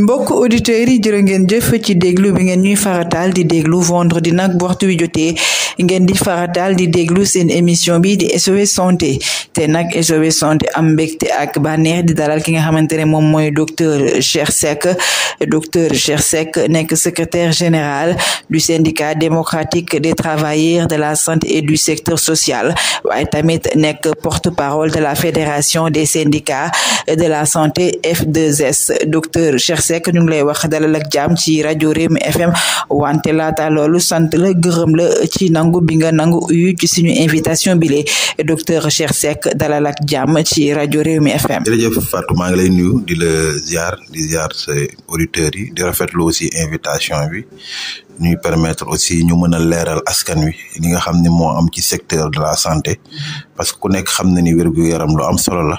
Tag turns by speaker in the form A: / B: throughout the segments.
A: mbokk auditeurs yi jërë ngeen jëf ci déglu bi ngeen ñuy farataal di déglu vendredi nag bu waxtu wi jotee ngeen di faratal di déglu seen émission bi di SOS santé te nag SOS santé am mbégte ak bànneex di dalal ki nga xamante ne moom mooy docteur Cheikh Seck docteur Cheikh Seck nekk secretaire général du syndicat démocratique des travailleurs de la santé et du secteur social waaye tamit nekk porte-parole de la fédération des syndicats de la santé F2S docteur Cheikh Seck ñu ngi lay wax dalal ak jàmm ci rajo Rewmi FM wante laata loolu sant la gërëm ci na nangu bi nga nangu uyu ci suñu invitation bi lee docteur Cheikh Seck dalal ak jàmm ci rajo Rewmi FM.
B: jërëjëf Fatou maa ngi lay nuyu di la ziar di ziar sa auditeur yi di rafetlu aussi invitation bi ñuy permettre aussi ñu mën a leeral askan wi li nga xam ni moo am ci secteur de la santé parce que ku nekk xam na ni wér-gu-yaram lu am solo la.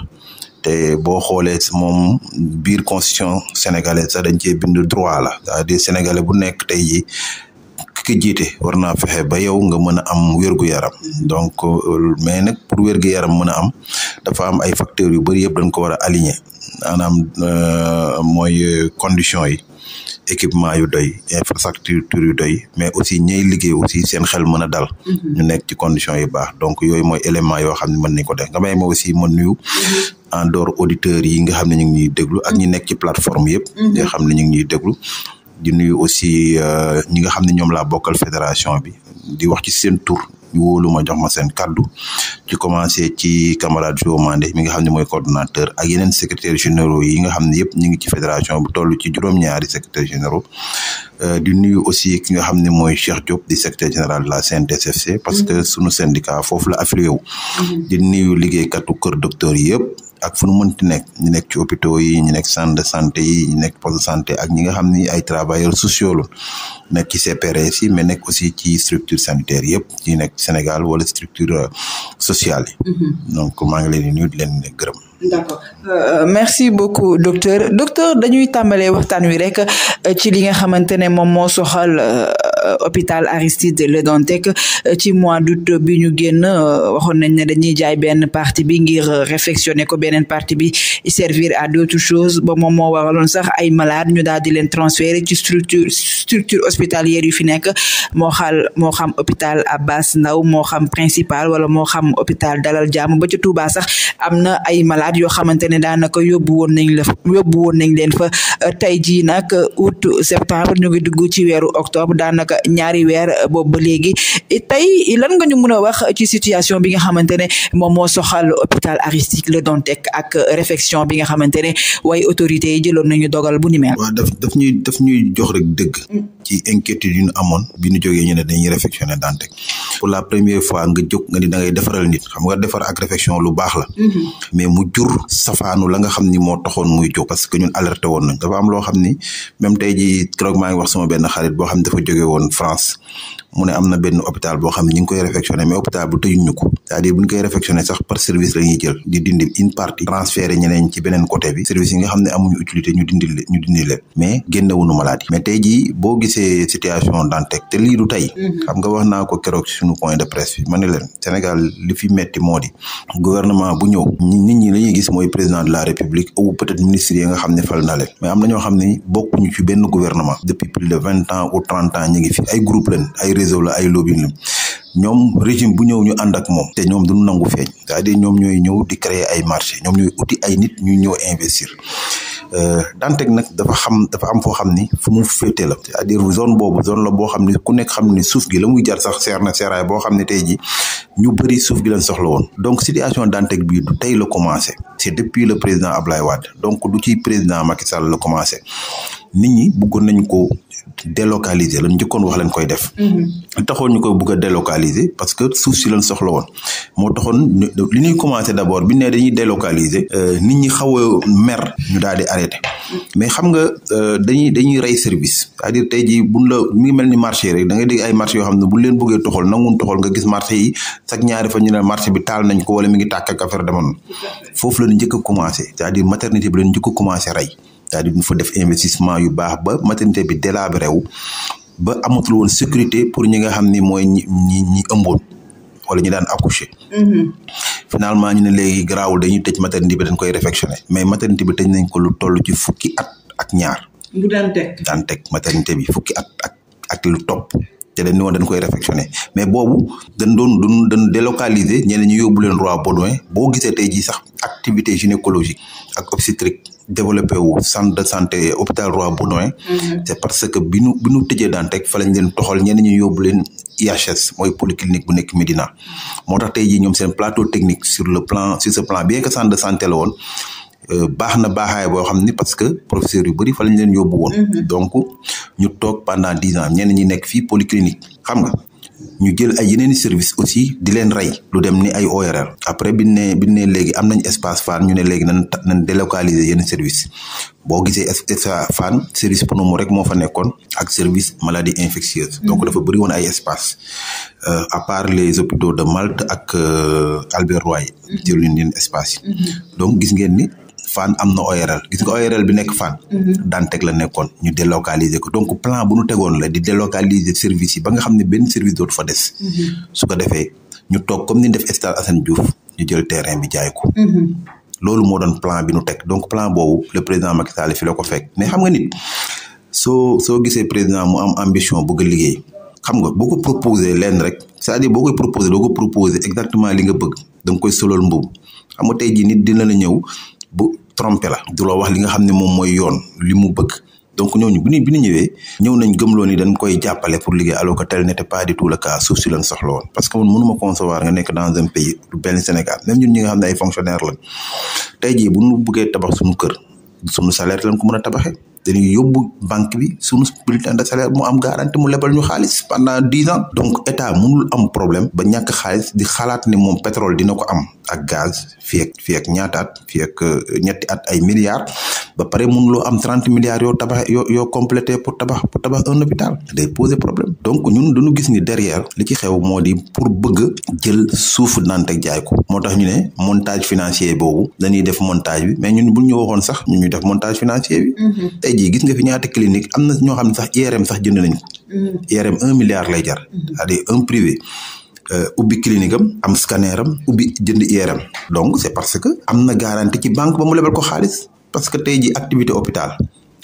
B: te boo xoolee moom biir constitution sénégalaise sax dañ cee bind droit la c'est-à-dire bu nekk tey ki jiite war naa fexe ba yow nga mën a am wérgu yaram donc euh, mais nag pour wérgu yaram mën a am dafa am ay facteurs yu bëri yëpp dañ ko war a aligner maanaam euh, mooy conditions yi équipement yu doy infrastructure yu doy mais aussi ñay liggéey aussi seen xel mën a dal mhm. ñu nekk ci conditions yu baax donc yooyu mooy élément yoo xam ne mën nañ ko def nga may ma aussi mën nuyu mhm. en dor auditeurs yi nga xam ne ñu ngi ñuy déglu ak ñu nekk ci plateforme yëpp nga mhm. xam ne ñu ngi ñuy déglu di nuyu aussi euh, ñi nga xam ne ñoom laa bokkal fédération bi di wax ci seen tur ñu wóolu ma jox ma seen kaddu ci commencé ci camarade Jo Mandé mi nga xam ne mooy coordonnateur ak yeneen secrétaire générau yi nga xam ne yëpp ñu ngi ci fédération bi toll ci juróom-ñaari secrétaire généraux euh, di nuyu aussi ki nga xam ne mooy Cheikh Diop di secrétaire général de la CNTSFC parce que mhm. sunu syndicat foofu la affilié wu mhm. di nuyu liggéeykatu kër docteur yi yëpp ak fu nu ti nekk ñu nekk ci hôpitaux yi ñu nekk centre de santé yi ñu nekk poste santé ak ñi nga xam ni ay travailleurs sociaux la nekk ci CPRS yi mais nekk aussi ci structure sanitaire yëpp ci nekk Sénégal wala structure euh, social yi mhm. donc maa ngi leen di nuyu leen gërëm
A: d'accord euh, merci beaucoup docteur docteur dañuy tàmbalee waxtaan wi rek euh, ci li nga xamante ne moom moo soxal euh, Euh, hôpital Aristide Le Dantec euh, ci mois d'août bi ñu génn euh, waxoon nañ ne dañuy jaay benn parti bi ngir réfectionner ko beneen parti bi servir à d'autres choses ba moom moo waraloon sax ay malade ñu daal di leen transférer ci structure structure hospitalière yu fi nekk moo xal moo xam hôpital Abass ndaw moo xam principal wala moo xam hôpital Dalal Jàmm ba ci Touba sax am na ay malade yoo xamante ne daanaka yóbbu woon nañ la woon nañ leen fa tey jii nag août septembre ñu ngi dugg ci weeru octobre daanaka ak ñaari weer euh, boobu ba léegi tey lan nga ñu mën a wax ci situation bi nga xamante ne moom moo soxal hôpital Aristide Le Dantec ak euh, réfection bi nga xamante ne waaye autorités yi jëloon nañu dogal bu ni mel. waaw
B: daf daf ñuy daf ñuy jox rek dëgg. ci inquiétude yu ñu amoon bi ñu jógee ñu ne dañuy réfectionner Dantec pour la première fois nga jóg nga ni da ngay defaral xam nga defar ak réfection lu baax la. Mm-hmm. mais mu jur safaanu la nga xam ni moo taxoon muy jóg. parce ñun alerté woon nañ dafa am loo xam ni même tey jii keroog maa wax sama benn xarit en mu ne am na benn hôpital boo xam ne ñu ngi koy réfectionné mais hôpital bu tëjuñ ñu ko c'est-à-dire bu ñu koy réfectionné sax par service la ñuy jël di dindi une partie transféré ñeneen ci beneen côté bi service yi nga xam ne amuñu mais génnewuñu maladie mais tey jii boo gisee te lii du mhm. xam nga wax naa ko keroog suñu point de presse bi ma ne leen Sénégal li fi metti moo di gouvernement bu ñëw nit ñi la ñuy gis mooy président de la République ou peut ministre yi nga xam ne fal am na ñoo xam ne bokkuñu ci benn gouvernement depuis plus de vingt organisé wala ay lobby la ñoom régime bu ñëw ñu ànd moom. te ñoom duñu nangu feeñ. cest à ñoom ñooy ñëw di créer ay marché ñoom ñooy uti ay nit ñu ñëw investir. Euh, Dantec nag dafa xam dafa am foo xam ni fu mu féete la cest à zone boobu zone la boo xam ne ku nekk xam ni suuf gi la muy jar sax seer na seeraay boo xam ne tey ji ñu bëri suuf gi la soxla woon donc situation Dantec bi du tey la commencé c'est depuis le président Ablaye Wade donc du ci président Macky Sall la commencé nit ñi bëggoon ko délocaliser lan njëkkoon wax leen koy def.
C: Mm-hmm.
B: taxoon ñu koy bugg a délocaliser parce que suuf si lan soxla woon moo taxoon li ñuy commencé d' abord bi ne dañuy délocaliser. Euh, nit ñi xaw a mer ñu daal di arrêté. Mm-hmm. mais xam nga euh, dañuy dañuy rey service c'est-à-dire tey jii buñ la mi ngi mel ni marché rek da ngay ay marché yoo xam ne buñ leen bëggee toxal nanguwul toxal nga gis marché yi chaque ñaari fa ñu ne marché bi taal nañ ko wala mi ngi tàkk ak affaire demoon foofu la ñu njëkk a commencé cest à daal di mu fa def investissement yu baax ba maternité bi délabré wu ba amatul woon sécurité pour ñi nga xam ni mooy ñi ñi ñi ëmboon wala ñu daan accoucher. Mm-hmm. finalement ñu ne léegi garaawul dañuy tëj maternité bi dañ koy réfectionné mais maternité bi tëj nañ ko lu toll ci fukki at ak ñaar. bu daan bi fukki at ak ak lu topp. te dañ ne dañ koy réfectionné mais boobu dañ doon dañ dañ délocaliser ñeneen ñu yóbbu leen Roi Baudouin boo gisee tey jii sax activité gynécologique ak obstétrique développé wu centre de santé hôpital Roi Baudouin mm-hmm. c'est parce que bi nu bi ñu tëjee Dantec fa lañ leen toxal ñenn ñu yóbbu leen IHS mooy polyclinique bu nekk Médina moo tax tey jii ñoom seen plateau technique sur le plan sur ce plan bien que centre de santé la woon euh, baax na baaxaay boo xam ni parce que professeur yu bëri fa lañ leen yóbbu woon mm-hmm. donc ñu toog pendant dix ans ñenn ñi nekk fii polyclinique xam nga ñu jël ay yeneen i service aussi di leen rey lu dem ni ay ORL après bi ne bi ne léegi am nañ espace fan ñu ne léegi nan nan délocaliser yenn service boo gisee espace ah, fan service pneumo rek moo fa nekkoon ak service maladie infectieuse donc mhm. dafa bëri woon ay espace euh, à part les hôpitaux de Malte ak euh, Albert Royer mhm. jëluñ leen espace mhm. donc gis ngeen ni Fann am na ORL gis nga ORL bi nekk Fann mhm. Dantec la nekkoon ñu délocaliser ko donc plan bu nu tegoon la di délocaliser service yi ba xam ne benn service dootu fa des mhm. su ko defee ñu toog comme ni def stade Assane Diouf ñu jël terrain bi jaay ko mhm. loolu moo doon plan bi nu teg donc plan boobu le président Macky Sall fi ko fekk mais xam nga nit soo soo gisee président mu am ambition bëgg liggéey xam nga boo ko proposé leen rek c'est-à-dire boo li nga da nga koy solol mbubb xam nga tey jii trompé la du la wax li nga xam ne moom mooy yoon li mu bëgg donc ñooñu bi ñu bi ñu ñëwee ñëw nañ gëm loo ni dañ koy jàppale pour liggéey alors que tel n'était pas du tout le cas suuf si lañ soxla woon parce que man mënuma concevoir nga nekk dans un pays du benn Sénégal même ñun ñi nga xam ne ay fonctionnaire lañ tey jii bu ñu bëggee tabax suñu kër suñu salaire lañ ko mën a tabaxee dañuy yóbbu banque bi suñu bulletin de salaire mu am garantie mu lebal ñu xaalis pendant dix ans donc état mënul am problème ba ñakk xaalis di xalaat ni moom pétrole dina ko am ak gaz fii ak fii ak ñaata at fii euh, ñetti at ay milliards ba pare mënuloo am trente milliards yoo tabax yoo yoo complété pour tabax pour tabax un hôpital day poser problème donc ñun dañu gis ni derrière li ci xew moo di pour bëgg jël suufu Dantec jaay ko moo tax ñu ne montage financier boobu dañuy def montage bi mais ñun bu ñu waxoon sax ñu ñuy def montage financier bi mm-hmm. tey gis nga fi ñaata clinique am na ñoo xam ne sax IRM sax jënd nañ ko.
C: Mm. un
B: milliard lay jar. Mm. c'est-à-dire un privé. Euh, ubbi clinique am am scanner am ubbi jënd IRM. donc c' est parce que am na garantie ci banque ba mu lebal ko xaalis parce que tey jii activité hôpital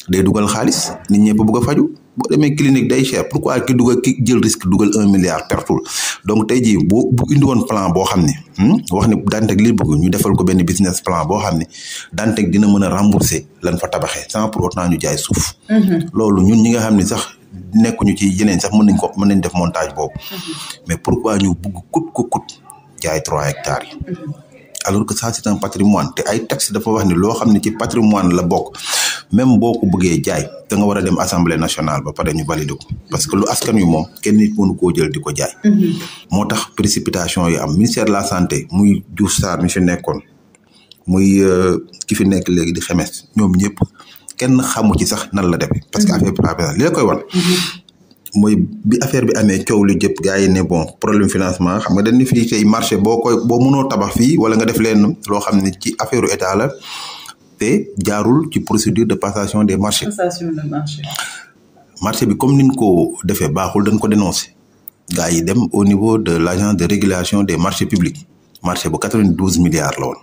B: day dugal xaalis nit ñëpp bëgg a faju boo demee clinique day cher pourquoi ki dugal ki jël risque dugal un milliard pertul donc tey jii bu bu indi woon plan boo xam ne hmm, wax ne Dantec li bëgg ñu defal ko benn business plan boo xam ne Dantec dina mën a rembourser lan fa tabaxee sans pour autant ñu jaay suuf. Mm-hmm. loolu ñun ñi nga xam ne sax nekkuñu ci yeneen sax mën nañ ko mën nañ def montage boobu. Mm-hmm. mais pour pourquoi ñu bëgg coûte que coûte jaay trois hectares yi.
C: Mm-hmm.
B: alors que ça c'est un patrimoine te ay taxes dafa wax ne loo xam ne ci patrimoine la bokk. même boo ko buggee jaay da nga war a dem assemblée nationale ba pare ñu valider ko parce que lu askan wi moom kenn nit mënu koo jël di ko jaay. Mhm. moo tax précipitation yi am ministère la santé muy Diouf Sarr mi fi nekkoon muy euh, ki fi nekk léegi di xemes ñoom ñëpp kenn xamu ci sax nan la demee. parce que mhm. affaire bi li la koy wan. Mhm. mooy bi affaire bi amee coow lu jëpp gars yi ne bon problème financement xam nga dañ ne fi tey marché boo koy boo mënoo tabax fi wala nga def leen loo xam ne ci affaire état la. te jaarul ci procédure de passation des de marché. marché bi comme niñ ko defee baaxul dañ ko dénoncé gars yi dem au niveau de l' agence de régulation des marchés publics marché bu 92 milliards la woon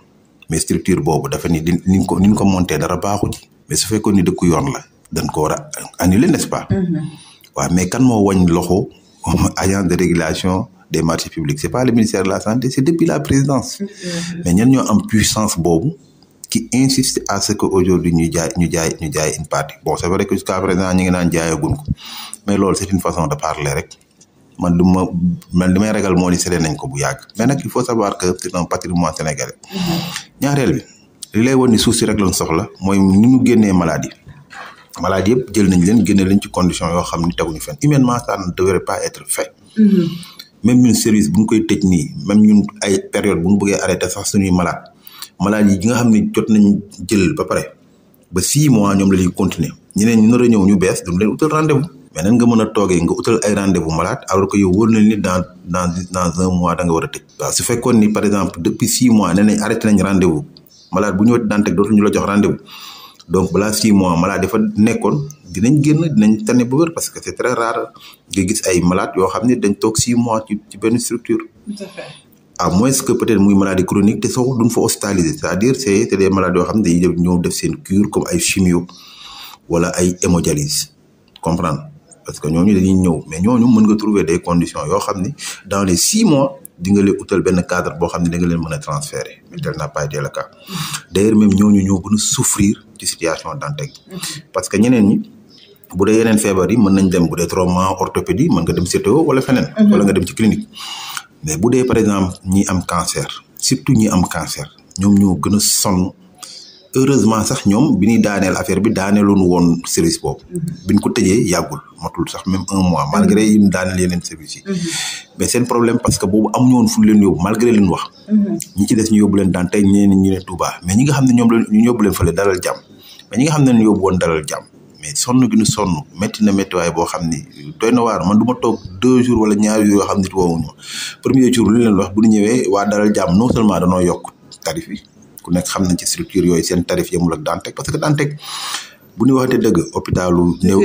B: mais structure boobu dafa ni niñ ko niñ ko monté dara baaxu ci mais su fekkoon ni dëkku yoon la dañ ko war a annuler n' est ce pas.
C: Mm-hmm.
B: waaw mais kan moo wañ loxo agence de régulation de marchés publics c' est pas le ministère de la santé c' est depuis la présidence.
C: Mm-hmm. mais ñan
B: ñoo am puissance boobu. qui insiste à ce que aujourd'hui ñu jaay ñu jaay ñu jaay une partie bon c'est vrai que jusqu'à présent ñu ngi naan jaayaguñ ko mais loolu c'est une façon de parler rek man du ma man li may ragal moo di séddee nañ ko bu yàgg mais nag il faut savoir que c'est ñaareel bi li lay woon ni suuf si rek lañ soxla mooy ni ñu génnee maladie maladie yëpp jël nañ leen génne lañ ci condition yoo xam ni teguñu fenn humainement ça ne devrait pas être fait. Mm-hmm. même ñun service bu ñu koy tëj nii même ñun ay période bu ñu bëggee arrêté sax suñuy malade. malade yi nga xam ne jot nañ jël ba pare ba six mois ñoom la ñuy continuer ñeneen ñu nar ñëw ñu bees du leen utal rendez vous. nga mën a toogee nga utal ay rendez vous malade alors que yow wóor na ni dans dans dans un mois da nga war a tëj. waaw su fekkoon ni par exemple depuis six mois nee nañ arrêté nañ rendez vous malade bu ñëwee daan teg dootuñu la jox rendez donc balaa six mois malade defa nekkoon dinañ génn dinañ tane ba wér parce que c' est très rare gis ay malaat yoo xam ne dañ toog six mois ci ci benn structure. à moins que peut-être muy maladie chronique te soxla duñ fa hospitalisé c'est-à-dire c'est c'est des maladies yoo xam ne def seen cure comme ay chimio wala ay hémodialyse comprendre parce que ñooñu dañuy ñëw mais ñooñu mën nga trouver des conditions yoo xam ni dans les six mois di nga leen benn cadre boo xam ne da leen mën a transférer mais tel n'a pas été le cas d'ailleurs même ñooñu ñoo gën a souffrir ci situation Dantec parce que ñeneen ñi bu dee yeneen feebar yi mën nañ dem bu dee trauma orthopédie mën nga dem CTO wala feneen mhm. wala nga dem ci clinique mais bu dee par exemple ñi am cancer surtout ñi am cancer ñoom ñoo gën a sonn heureusement sax ñoom bi ñuy daaneel affaire bi daaneeloon woon service boobu. Mhm. bi ñu ko tëjee yàggul matul sax même un mois malgré yi mhm. ñu daaneel yeneen service yi. Mhm. mais seen problème parce que boobu amuñu woon fu leen yóbbu malgré leen wax. ñi ci des ñu yóbbu leen daan tey ñeneen ñi ne Touba mais ñi nga xam ne ñoom la ñu yóbbu leen fële dalal jàmm mais ñi nga xam ne ñu yóbbu woon dalal jàmm. mais sonn gi ñu sonn métti na méttiwaay boo xam ni doy na waar man du ma toog deux jours wala ñaar jours yoo xam nit woowuñu premier jour lu leen wax bu ñu ñëwee waa dalal jàmm non seulement danoo yokk tarif yi ku nekk xam nañ ci structure yooyu seen tarif yemul ak Dantec parce que Dantec bu ñu waxte dëgg hôpitalu néew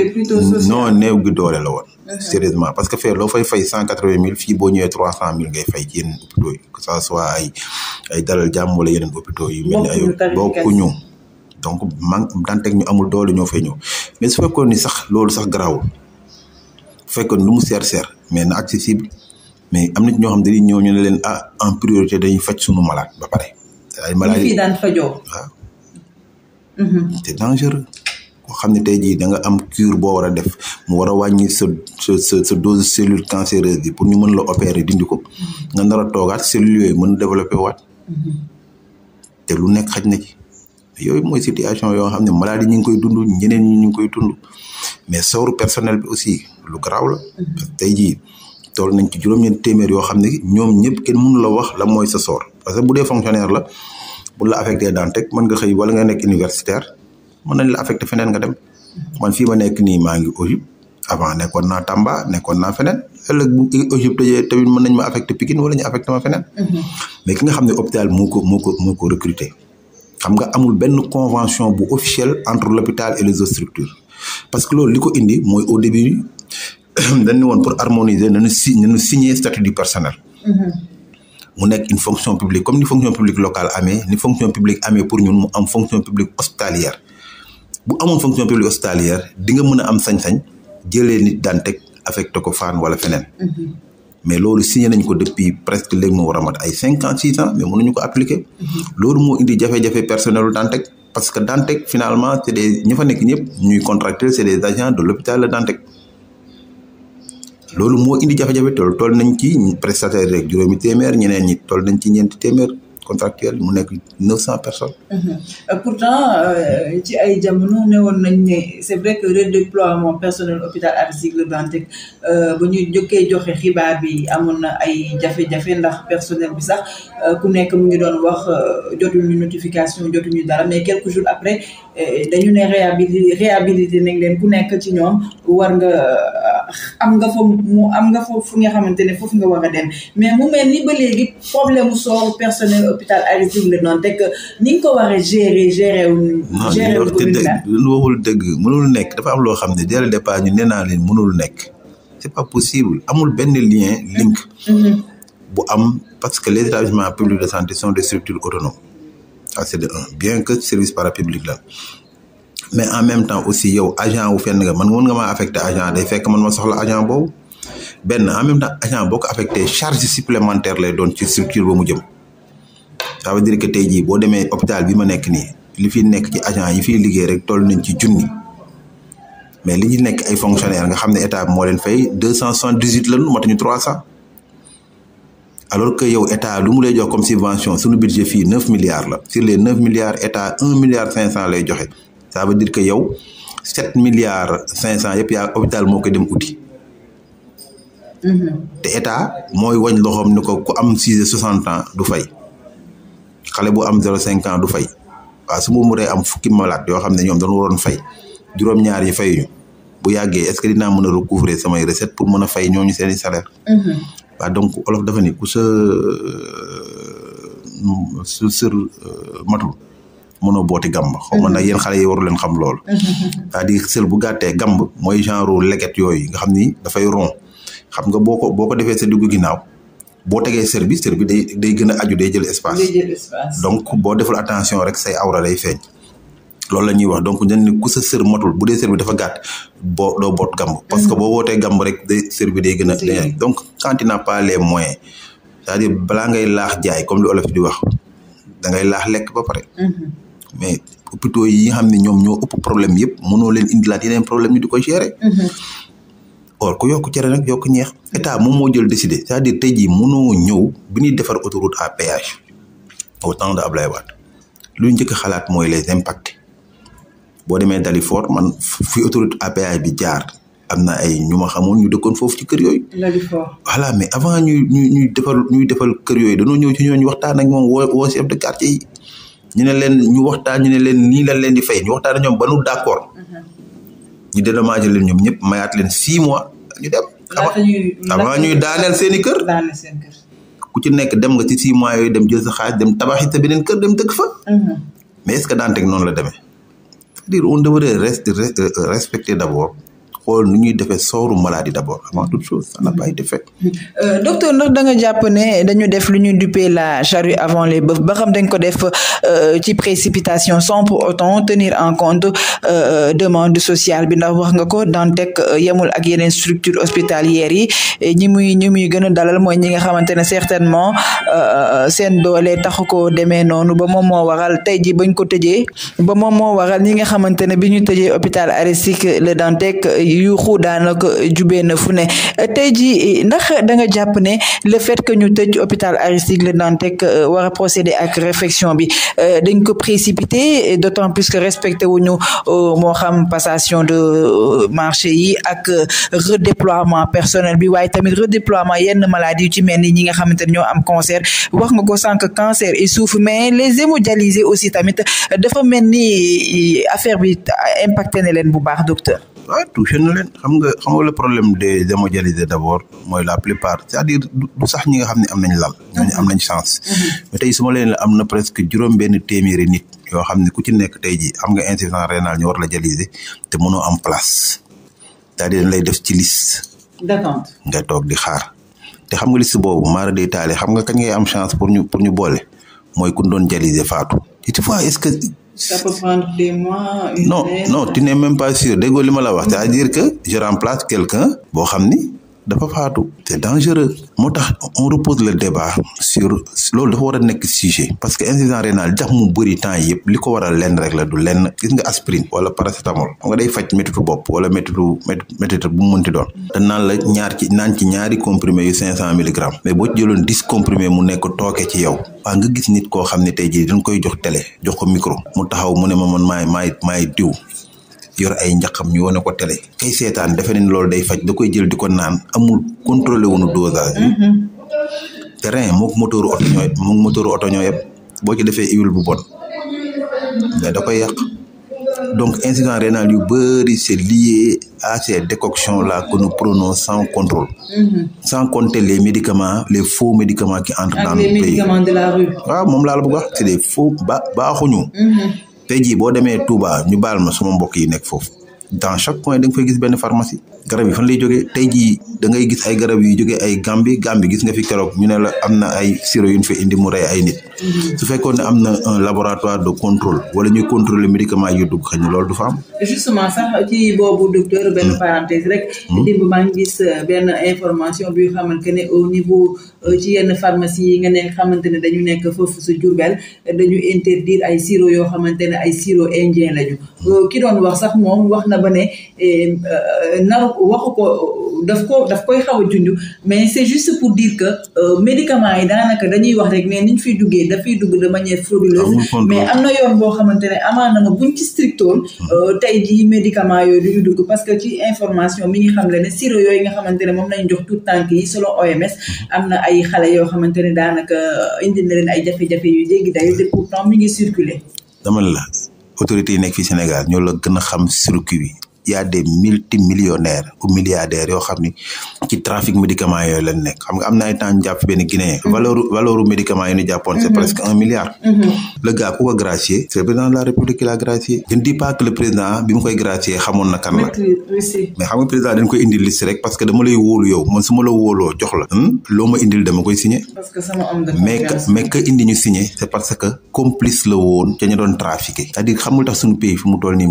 B: non gi doole la woon uh-huh. sérieusement parce que fee loo fay fay cent quatre-vingt mille fii boo ñëwee trois cent mille ngay fay ci yeneen ay dalal jàmm wala yeneen hôpitaux yu mel ni ay bokkuñu donc man Dantec ñu amul doole ñoo fay ñëw mais su fekkoon ni sax loolu sax garaawul su fekkoon lu mu seer seer mais na accessible mais am na ci ñoo xam dañuy ñëw ñu ne leen ah en priorité dañuy faj sunu malaat ba pare. ay malade yi daan fajoo waaw. Mhm. c'est dangereux. koo xam ne tey jii da nga am cure boo war a def mu war a wàññi sa sa sa dose cellule cancéreuse bi pour ñu mën la opérer dindi ko mhm. nga nar toogaat cellules yooyu mën a waat. Mhm. te lu nekk xaj na yooyu mooy situation yoo xam ne maladie ñu ngi koy dund ñeneen ñu ngi koy dund mais sawru personnel bi aussi lu garaaw la. tey jii tool nañ ci juróom-ñeent téeméer yoo xam ne ñoom ñëpp kenn mënu la wax la mooy sa sor parce que bu dee fonctionnaire la bu la affecté daan tek mën xëy wala nga nekk universitaire mën nañ la affecté feneen nga dem man fii ma nekk nii maa ngi Ojib avant nekkoon na Tamba nekkoon naa feneen ëllëg bu Ojib tëjee tamit mën nañ ma affecté Pikine wala ñu affecté ma feneen. Mhm. mais ki nga xam ne hôpital moo ko moo ko moo ko recruter. xam nga amul benn convention bu officielle entre l'hôpital et les autres parce que loolu li ko indi mooy au début dañ ne woon pour harmoniser nañu si nañu signer statut du personnel. Mm-hmm. mu nekk une fonction publique comme ni fonction publique locale amee ni fonction publique amee pour ñun mu am fonction publique hospitalière bu amoon fonction publique hospitalière di nga mën a am sañ-sañ jëlee nit daan teg affecté ko faan wala feneen. Mm-hmm. mais loolu signé nañ ko depuis presque léegi moo war a ay cinq ans six ans mais mënuñu ko appliquer. Mm-hmm. loolu moo indi jafe-jafe personnel u parce que Dantec finalement c' est des fa nekk ñëpp ñuy contractuels c' est des agents de l'hôpital de loolu moo indi jafe-jafe tool toll nañ ci prestataire rek juróomi téeméer ñeneen ñi toll nañ ci ñeenti téeméer contractuel mu nekk neuf cent personnes.
A: Euh, pourtant euh, ci ay jamono newoon nañ ne c'est vrai que redéploiement personnel hôpital Aristide Le Dantec euh, ba ñu joxe xibaar bi amoon na ay jafe-jafe ndax personnel bi sax ku nekk mu ngi doon wax jotuñu notification jotuñu dara mais quelques jours après dañu ne réhabili réhabilité nañ leen ku nekk ci ñoom war nga. am nga fa am nga fu nga xamante ne foofu nga war a dem mais mu mel ni ba léegi problème mu personnel hôpital Aristide Le Dantec que ni nga ko war a gérer gérer wu. gérer wu commune
B: lu dëgg mënul nekk dafa am loo xam ne dès le départ ñu nee naa leen mënul nekk c'est pas possible amul benn lien link. Mm-hmm. bu am parce que les établissements publics de santé sont des structures autonomes. ça c'est de un bien que service par parapublic la. mais en même temps aussi yow agent wu fenn nga man mën nga maa affecté agent day fekk man ma soxla agent boobu benn en même temps agent boo ko affecté charge supplémentaire lay doon ci structure ba mu jëm ça veut dire tey jii boo demee hôpital bi ma nekk nii li fi nekk ci agent yi fi liggéey rek toll nañ ci junni mais li ñu nekk ay fonctionnaire nga xam ne état moo leen fay deux cent soixante dix huit lañu matuñu trois cent alors que yow état lu mu lay jox comme subvention suñu budget fii neuf milliards la sur les neuf milliards état un cinq cent lay joxe ça veut dire que yow sept milliards cinq cent yëpp yaa hôpital moo koy dem uti. Mm-hmm. te état mooy wañ loxoom ne ko ku am six soixante ans du fay xale bu am zéro cinq ans du fay waaw su ma mënee am fukki malaat yoo xam ne ñoom dañu waroon fay juróom-ñaar yi fayuñu bu yàggee est-ce que dinaa mën a recouvrer samay recette pour mën a fay ñooñu seeni i salaire. Mm-hmm. waaw donc olof dafa ni ku sa euh, sur euh, matul. mënoo booti gamb xaw ma nag yéen xale yi waru leen xam loolu c'est-à-dire bu gàttee gamb mooy genre leget yooyu nga xam ni dafay rond xam nga boo ko boo ko defee sa diggu ginnaaw boo tegee sër bi bi day day gën a aju day jël espace donc boo deful attention rek say awra day feeñ loolu la ñuy wax donc dañ ne ku sa sër matul bu dee sër dafa gàtt boo doo boot gamb parce que boo wootee gamb rek day sër bi day gën a donc quand tu n'as pas les balaa ngay laax jaay comme li olof di wax da ngay laax lekk ba pare mm-hmm. mais hôpitaux yi nga xam ne ñoom ñoo ëpp problème yëpp mënoo leen indilaat yeneen problème ñu di ko gérer. Mhm. or ku yokk cere nag yokk ñeex. état moom moo jël décidé c'est-à-dire tey jii mënoo ñëw bi ñuy defar autoroute à péage au temps de Ablaye Wade lu njëkk a xalaat mooy les impacts boo demee foor man fi autoroute à péage bi jaar. am na ay ñu ma xamoon ñu dëkkoon foofu ci kër yooyu. voilà mais avant ñuy ñuy ñuy defal ñuy defal kër yooyu dañoo ñëw ci ñooñu ñu ak moom woo woo chef de quartier yi. ñu ne leen ñu waxtaan ñu ne leen nii lañ leen di fay ñu waxtaan ñoom ba nu d'accord ñu dédommagé leen ñoom ñëpp mayaat leen six mois ñu dem. avant ñuy daaneel seen i kër.
A: daaneel
B: ku ci nekk dem nga ci six mois yooyu dem jël sa dem tabaxi sa beneen kër dem dëkk fa. Mhm. mais est-ce que Dantec noonu la demee. c'est-à-dire on devrait euh, respecter d'abord. xool nu ñuy defee sooru maladie d' abord
A: ndax da nga jàpp ne dañu def lu ñuy duppee la charrue avant les bœufs ba xam dañ ko def euh, ci précipitation sans pour autant tenir en compte euh, demande sociale bi ndax wax nga ko Dantec euh, yemul ak yeneen structure hospitalières yi ñi muy ñi muy gën a dalal mooy ñi nga xamante ne certainement seen doole taxu ko demee noonu ba moom moo waral tey ji bañ ko tëjee ba moom moo waral ñi nga xamante ne tëjee hôpital Aristide Le Dantec. yuuxu daanaka jubee na fu ne tey ji ndax da nga jàpp ne le fait que ñu tëj hôpital Aristide Le Dantec euh, war a procéder ak réfection bi euh, dañ ko précipité d'autant plus que wu ñu euh, moo xam passation de marché yi ak redéploiement personnel bi waaye tamit redéploiement yenn maladie yu ci mel ni ñi nga xamante ne ñoo am cancer wax nga ko sànq cancer i suuf mais les hémodialysés aussi tamit dafa mel ni affaire bi impacte ne leen bu baax docteur
B: ah touché na leen xam nga xam nga le problème des hémodialysés d' abord mooy la plupart c' est à du sax ñi nga xam ne am nañ lal ñooñu am nañ chance mhm. mais tey su ma leen am na presque juróom benn téeméeri nit yoo xam ne ku ci nekk tey ji am nga insuffisance rénale ñu war la dialyser te mënoo am place c' est lay def ci lis nga toog di xaar te xam nga liste boobu maara day taale xam nga kañ ngay am chance pour ñu pour ñu boole mooy kun doon dialyser faatu tu vois est ce
A: ça peut prendre des mois. non non
B: tu n'es même pas sûr déggoo li ma la wax c'est-à-dire que je remplace quelqu'un boo xam ni. dafa faatu c'est dangereux mu tax on repose le débat sur loolu dafa war nekk sujet parce que incident rénal jax mu bëri temps yëpp li ko waral lenn rek la du lenn gis nga aspirine wala paracétamol xam nga day faj métitu bopp wala métitu métitu bu mu mënti doon te naan la ñaar ci naan ci ñaari comprimer yu cinq cent milligrammes mais boo jëloon dix comprimé mu nekk tooke ci yow waa nga gis nit koo xam ne tey jii dañ koy jox télé jox ko micro mu taxaw mu ne ma man maay maay maay diw yor ay njaqam ñu wane ko télé. kay seetaan defe nañ loolu day faj da koy jël di ko naan amul controler wuñu dosage bi. Mm-hmm. terrain mook moteuru oto ñooy mook moteuru oto yëpp boo ci defee huile bu bon mais da koy yàq donc incident rénal yu bëri c'est lié à ces décoctions là que nous prenons sans contrôle. Mm-hmm. sans compter les médicaments les faux médicaments qui entrent dans le pays. les médicaments de la rue. waaw ah, moom laa la bëgg a wax c'est ba baaxuñu. Mm-hmm. tey jii boo demee Touba ñu baal ma suma mbokk yi nekk foofu dans chaque coin da nga gis benn pharmacie garab yi fan lay jógee tey jii da ngay gis ay garab yu joge ay gambi gambi gis nga fi keroog ñu ne la am na ay sirop yu ñu fi indi mu rey ay nit. Mm-hmm. su fekkoon ne am na un laboratoire de contrôle wala ñuy contrôler médicament yu dugg xëy na loolu du fa am.
A: justement sax ci boobu docteur benn mm-hmm. rek. Mm-hmm. démb maa ngi euh, benn information bi nga xamante ne au niveau euh, ci yi nga ne xamante ne dañu nekk foofu su Diourbel dañu interdire ay sirop yoo xamante ne ay sirop indien lañu. Euh, ki doon wax sax moom wax na ba ne eh, naru. waxu ko daf ko daf koy xaw a junj mais c'est juste pour dire que euh, médicaments yi daanaka dañuy wax rek ne ni ñu fiy duggee dafay dugg de manière frauduleuse mais am na yoon boo xamante ne amaana nga buñ hmm. euh, tey jii médicaments yooyu duñu dugg parce que ci information mi ngi xam le ne sirop yooyu nga xamante ne moom lañ jox tout tànk yi selon OMS hmm. am na ay xale yoo xamante ne daanaka euh, indi na leen ay jafe-jafe yu jéggi dayu te pourtant mi ngi circuler
B: dama la autorité yi nekk fii Sénégal ñoo la gën a xam circuit bi y a des multimillionnaires ou yoo xam ni ci trafic médicament yooyu lañ nekk xam nga am na ay temps ñu jàpp benn Guinéen. valeur mhm. valeur médicament yi ñu jàppoon c'est mhm. presque un milliard. Mhm. le gars ku c'est le président de la république l'a gracié. je ne que dama lay wóolu yow man su la wóoloo jox la. Hmm? loo ma indil dama koy signé.
A: parce que sama homme de confiance mais
B: que indi ñu signé c'est parce que complice la woon ca ñu doon trafiqué. c'est-à-dire xamul tax suñu pays fi mu toll nii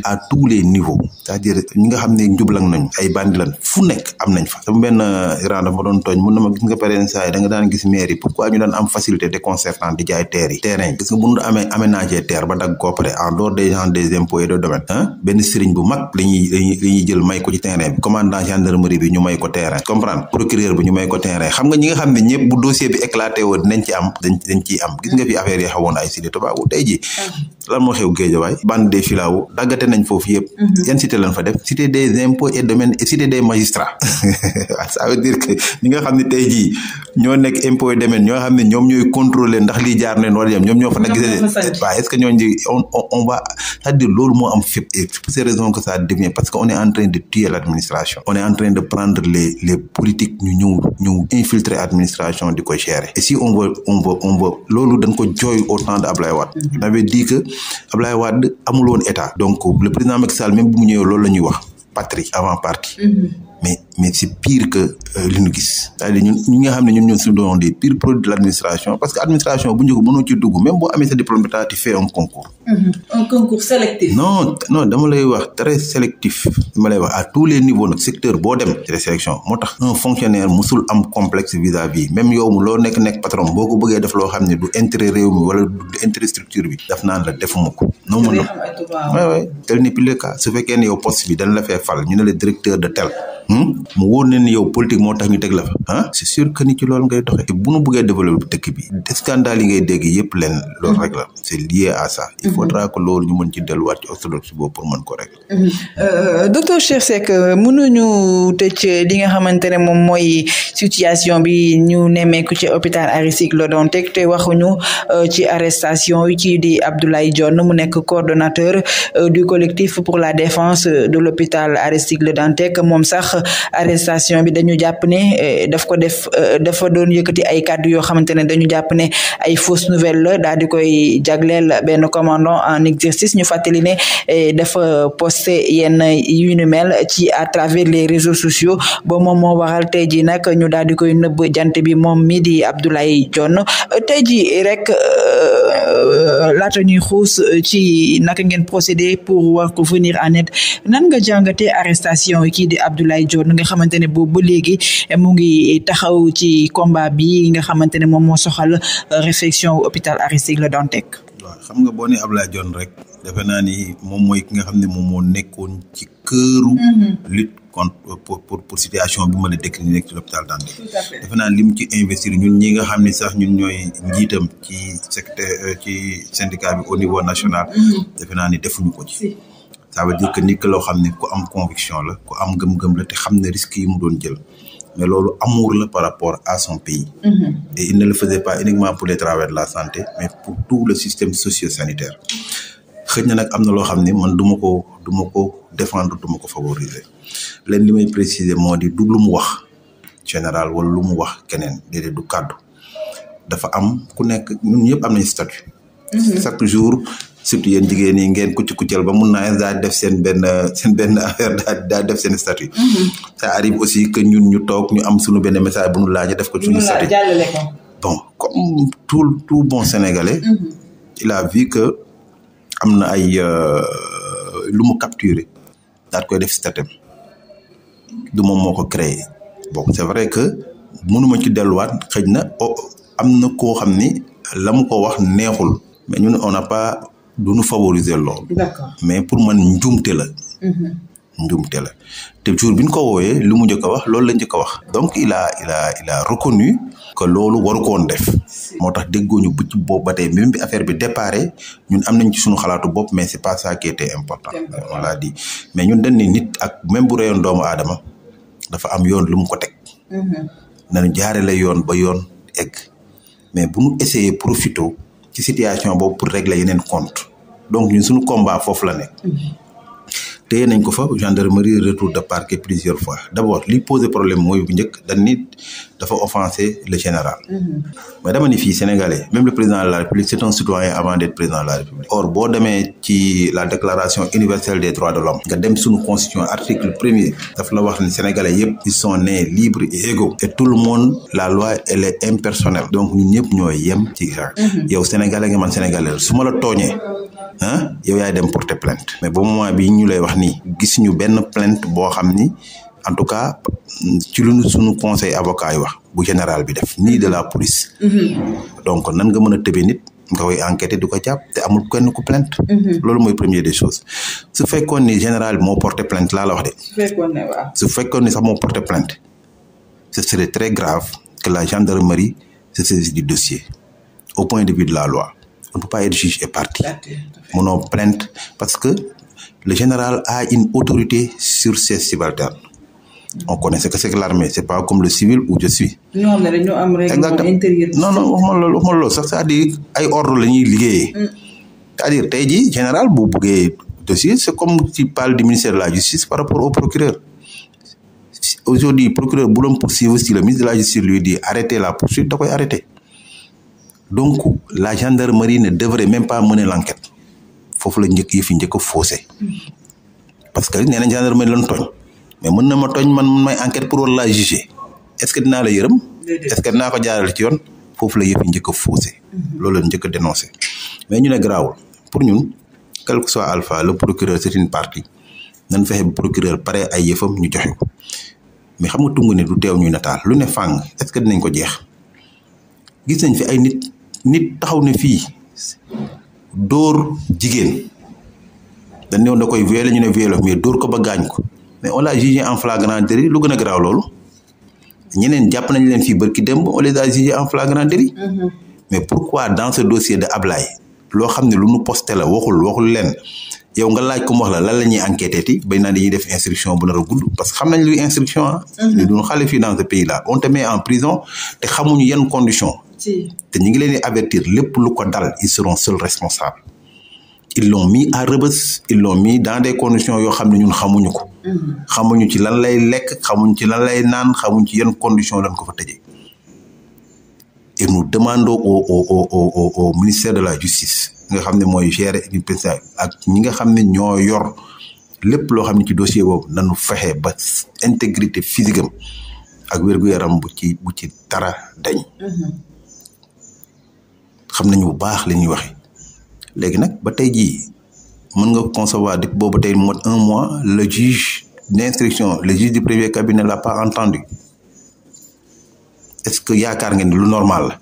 B: jeunes à tous les niveaux cest dire ñi nga xam ne njublang nañ ay bandi lan fu nekk am nañ fa sama benn Iran dafa doon tooñ mun na ma gis nga paren saa yi nga daan gis maire yi pourquoi ñu daan am facilité déconcertante di jaay terre yi terrain yi gis nga bu nu amee aménagé terre ba dagg ko pare en dehors des gens des impôts benn sëriñ bu mag la ñuy jël may ko ci terrain bi commandant gendarmerie bi ñu may ko terrain comprendre procureur bi ñu may ko terrain xam nga ñi nga xam ne ñëpp bu dossier bi éclaté woon dinañ ci am dañ dañ am gis nga fi affaire yi xawoon ay Sidi Tobago tey ji ah. lan moo xew Géejawaay bande des filao daggate nañ foofu yëpp mhm. yan cité lañ fa def cité des impôts et domaines et cité des magistrats ça veut dire que ñi nga xam ne tey jii ñoo nekk impôts et domaines ñoo xam ne ñoom ñooy contrôler ndax li jaar neen wala yam ñoom ñoo fa nag gisee waaw est ce on on va cest dire loolu moo am fépp pour ces raisons que ça devient parce que on est en train de tuer l'administration on est en train de prendre les les politiques ñu ñëw ñëw infiltrer di ko gérer et si on veut on veut ko jooy au temps Ablaye Wade amul woon état donc le président Macky Sall bu mu ñëwee loolu la ñuy wax patrie avant parti. Mhm. mais mais c'est pire que euh, li ñu gis c'est-à-dire ñi nga xam ne ñun ñoo suñu doon des pires produits de l'administration parce que administration bu njëkk mënoo ci dugg même boo amee sa diplôme d'état tu concours un concours mm-hmm. non non dama lay wax très sélectif a lay wax à tous les niveaux nag secteurs boo dem c'est sélection moo tax un fonctionnaire musul am complexe vis vis même yow mu loo nekk nekk patron boo ko bëggee def loo xam ne du intérêt réew mi wala du intérêt structure bi daf naan la defuma ko non mën na waaw su fekkee ne yow poste bi la fee ñu ne la directeur de tel Hmm? mu wóor ne ni yow politique moo tax ñu teg la fa ah c'est sûr que ni ci loolu ngay doxee te bu nu buggee développer dëkk bi scandale yi ngay dégg yëpp leen loolu rek la c'est lié à ça il mhm. faudra que loolu ñu mën ci delluwaat ci orthodoxie boobu pour mën ko rek
A: mhm. euh, docteur Cheikh Seck mënuñu tëj li nga xamante ne moom mooy situation bi ñu nemmeeku ci hôpital Aristide Le Dantec te waxuñu euh, ci arrestation yi ci di Abdoulaye Dione mu nekk coordonnateur euh, du collectif pour arrestation bi dañu jàpp ne eh, daf ko def eh, dafa doon yëkkati ay kàddu yoo xamante ne dañu jàpp ne ay fausse nouvelle la daal di koy jagleel benn commandon en exercice ñu fàttali ne eh, dafa poste yenn yu ni mel ci à travers les réseaux sociaux bo moom moo waral tey ji nag ñu daal di koy nëb jant bi moom mii di Abdoulaye Dione tey ji rek euh, laata ñuy xuus ci naka ngeen procédé pour war ko venir en aide nan jàngatee arrestation kii di Abdoulaye Dione nga xamante ne boobu ba léegi mu ngi taxaw ci combat bi nga xamante ne moom moo soxal euh, réfection hôpital Aristide Le Dantec.
B: waaw xam nga boo nee Ablaye Dione rek defe naa ni moom mooy ki nga xam ne moom moo nekkoon ci këru. Mhm. lutte contre euh, pour pour situation bi ma la décliné nekk ci l'hôpital Dantec. defe naa lim ci investir ñun ñi nga xam ne sax ñun ñooy njiitam ci secteur euh, ci syndicat bi au niveau national. Mhm. defe naa ni defuñu ko ci. saa veut dire que nit ki xam ne ku am conviction la ku am gëm-gëm la te xam ne risque yi mu doon jël mais loolu amour la par rapport à son pays mm-hmm. et il ne le faisait pas uniquement pour les travailleurs de la santé mais pour tout le système socio-sanitaire xëy na nag am na loo xam ne man du ma ko du ma ko défendre du ma ko favoriser leen li may préciser moo di du lu mu wax général wala lu mu wax keneen déedéet du kàddu dafa am ku nekk ñun ñëpp am nañ statut
C: mm-hmm. chaque
B: jour surtout yéen jigéen yi ngeen kucc kuccal ba mun na daal def seen benn seen benn affaire daal daal def seen statut. Mhm. ça arrive aussi que ñun ñu toog ñu am suñu benn message bu ñu laajee def ko suñu statut bon comme tout tout bon sénégalais. Mhm. il la vie que am na ay euh, lu mu capturé daal koy def statut du moom moo ko créé bon c'est vrai que mënuma ci delluwaat xëj na o oh, am na koo xam ni lamu ko wax neexul. mais ñun on pas du nu favoriser lool. mais pour man njuumte la. Mm-hmm. njuumte la te jour bi ñu ko wooyee li mu njëkk a wax loolu la njëkk a wax. donc il a il a il loolu waru ko def. moo tax déggoo ñu bëcc ba tey même bi affaire bi déparé ñun am nañ ci suñu xalaatu bopp mais c'est pas ça qui important. on l'a mais ñun dañ ne nit ak même bu reyoon doomu aadama dafa am yoon lu mu ko teg. Mm-hmm. na jaare la yoon ba yoon egg mais bu ñu essayé profito ci situation boobu pour régler yeneen compte donc ñun suñu combat foofu la nekk. Mhm. téye nañ ko fa gendarmerie retour de parquet plusieurs fois d' abord li posé problème mooy bu njëkk dañ ni dafa offensé le général. Mm-hmm. mais dama ni fii sénégalais même le président de la république c' est un la république. or boo demee ci la déclaration universelle des droits de l'homme nga dem suñu constitution article premier daf la wax ni sénégalais yëpp i sont nés libres et et tout le monde la loi elle est impersonnelle. donc ñun ñëpp ñooy yem ci genre. Mm-hmm. yow sénégalais nga man sénégalais suma la too ah yow nii gis ñu benn plainte boo xam ni en tout cas ci lu suñu conseil avocat yi wax bu général bi def ni de la police.
C: Mm-hmm.
B: donc nan nga mën a tëbee nit nga koy enquêter du ko jàpp te amul kenn ku plainte. Mm-hmm. loolu mooy premier des choses su fekkoon ni général bi moo porté plainte laa la wax de. su
A: fekkoon ne waaw
B: su fekkoon ni sax moo porté plainte ce serait très grave que la gendarmerie se saisisse du dossier au point de vue de la loi on ne pas être juge et partie. munoo plainte parce que. le général a une autorité sur ses subalternes. on connaît ce que c'est l'armée c'est pas comme le civil où je suis.
A: non non non waxuma
B: sax cest dire ay ordre la ñuy liggéeyee. Mm. dire tey jii général bu buggee dossier c'est comme tu parles du ministère de la justice par rapport au procureur. aujourd'hui procureur bu doon poursuivre si le ministre de la justice lui dit arrêtez la poursuite da arrêter donc la gendarmerie ne devrait même pas mener l'enquête foofu la njëkk yi fi njëkk a parce que nee na gendarmerie lan tooñ mais mën na ma tooñ man man may enquête pour wala la juger est-ce que dinaa la yërëm est-ce que dinaa ko jaarale ci yoon foofu la yëf yi njëkk loolu la njëkk a dénoncé mais ñu ne garaawul pour ñun quel que soit alpha le procureur c'est partie nan fexe bu procureur pare ay yëfam ñu joxe ko mais xam nga tungu ne du teew ñuy nataal lu ne fàng est-ce que dinañ ko jeex gis nañ fi ay nit nit taxaw ne fii dóor jigéen dañ ne woon da ñu ne violer mais dóor ko ba gaañ ko mais on l'a jugé en flagrant délit lu gën a garaaw loolu ñeneen jàpp nañ leen fi barki démb on les a jugé en flagrant délit mm-hmm. mais pourquoi dans ce dossier de Ablaye loo xam ne lu nu posté la waxul waxul leen yow nga laaj ko mu wax la lan la ñuy enquêté ti bay naa dañuy def instruction bu nar a gudd parce que xam nañ luy instruction ah. Mm-hmm. ñu duñu xale fii dans ce pays là on te en prison te xamuñu yan condition te ñu ngi leen di avertir lépp lu ko dal ils seront seuls responsables ils l'ont mis à Rebeuss ils l'ont mis dans des conditions yoo xam ne ñun xamuñu ko. Mm-hmm. xamuñu ci lan lay lekk xamuñu ci lan lay naan xamuñu ci yan conditions lañ ko fa tëjee. et nous demandons au au au au au ministère de la justice nga xam ne mooy gérer ak ñi xam ne ñoo yor lépp loo xam ne ci dossier boobu nañu fexe ba integrité physique ak wér-gu-yaram bu ci bu ci dara dañ. Mm-hmm. xam nañu bu baax li ñuy waxe léegi nag ba tey jii mën nga concevoir depuis boobu tey mot un mois le juge d'instruction le juge du premier cabinet l'a pas entendu est-ce que yaakaar ngeen lu normal la.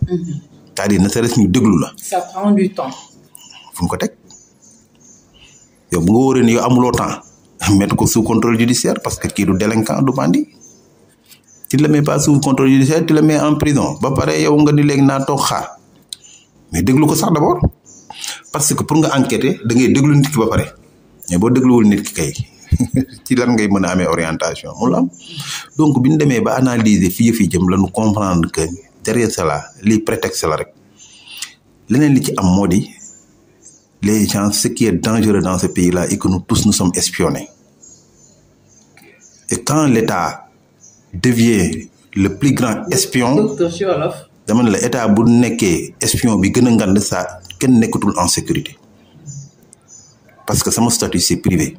B: cest na sa res ñu déglu la.
A: ça prend du temps.
B: fu ñu ko teg yow bu nga wóoree ne yow amuloo temps mettre ko sous contrôle judiciaire parce que kii du délinquant du bandit tu mais pas sous contrôle judiciaire tu le en prison ba pare yow nga ni léegi naa toog mais déglu ko sax d'abord parce que pour nga enquêter da ngay déglu nit ki ba pare mais boo dégluwul nit ki kay ci lan ngay mën a amee orientation mu la donc bi ñu demee ba analyser fii fi jëm la nu comprendre que derrière cela lii prétexte la rek leneen li ci am moo di les gens ce qui est dangereux dans ce pays là et que nous tous nous sommes espionnés et quand l'État devient le plus grand espion. dama la état bu nekkee espion bi gën a ngand saa kenn nekkatul en sécurité parce que sama statut c'est privé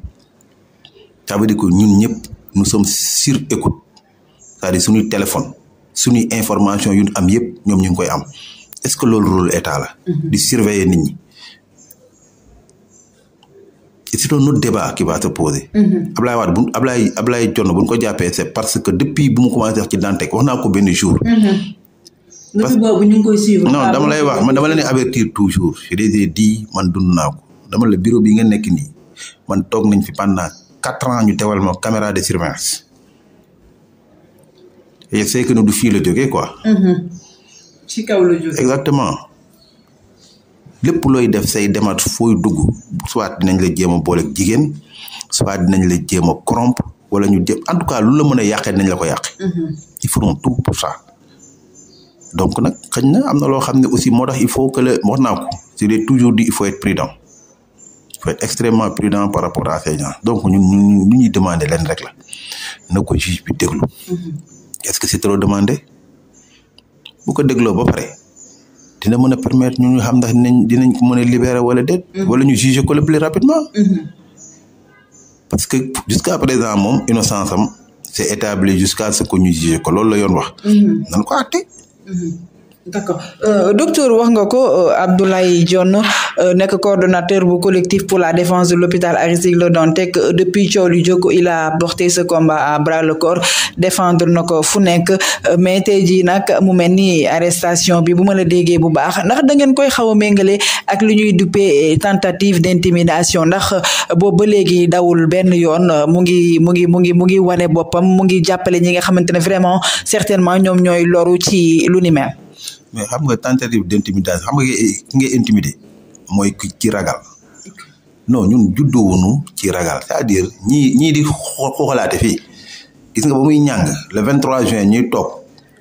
B: ça veut dire que ñun ñëpp nous sommes sur écoute c'est-à-dire téléphone suñuy information yu ñu am yëpp ñoom ñu ngi koy am est-ce que loolu rôle état la. Mm-hmm. di surveiller nit ñi. c'est un autre débat qui va se poser. Mm-hmm. Ablaye Wade bu Ablaye Ablaye Jonn bu ñu ko jàppee c'est parce que depuis bu mu commencé wax ci Dantec wax naa ko benn jour. Mm-hmm. parce que
A: non dama lay wax man dama ne avertir
B: toujours je les ai man dund naa ko dama la bureau bi nga nekk nii man toog nañ fi pendant quatre ans ñu tewal ma caméra de surveillance et du fii la quoi. Mhm. ci kaw exactement lépp looy def say demat fooy dugg soit nañ la jéem a booleeg jigéen soit dinañ la jéem a corrompre wala ñu jéem en tout cas lu la mën a yàqee nañ la ko yàqee. Mhm. ils feront tout pour ça. donc nag xëy na am na loo xam ne aussi moo tax il faut que le wax naa ko je l'ai toujours dit il faut extrêmement prudent par rapport à ces gens donc ñun ñu ñu ñuy demandé leen rek la na ko juge bi déglu mm-hmm. est-ce que c'est trop demandé bu ko dégloo ba pare dina mën a permettre ñu xam ndax dinañ dinañ ko mën a libérer wala déet. Mm-hmm. wala ñu juger ko le plus rapidement. Mm-hmm. parce que jusqu'à présent moom innocence am c'est établi jusqu'à ce que ñu juger ko loolu la yoon wax. nañ ko àtte.
A: Mm-hmm. d'accord euh, docteur wax nga ko euh, Abdoulaye Dione euh, nekk coordonnateur bu collectif pour la défense de l'hôpital Aristide Le depuis coow lu jóg il a porté ce combat à bras le corps défendre na ko fu nekk mais tey jii nag mu mel ni arrestation bi bu ma la déggee bu baax ndax da ngeen koy xaw a méngale ak lu ñuy duppee tentative d'intimidation ndax boobu ba léegi dawul benn yoon mu ngi mu ngi mu ngi mu ngi wane boppam mu ngi jàppale ñi nga xamante ne vraiment certainement ñoom ñooy loru ci lu ni mel
B: mais xam nga tentative d'intimidation xam nga ki ngay intimider mooy ki ci ragal non ñun juddoowunu ci ragal c'est-à-dire ñii ñii di xoolaate fii gis nga ba muy ñàng le 23 juin ñuy toog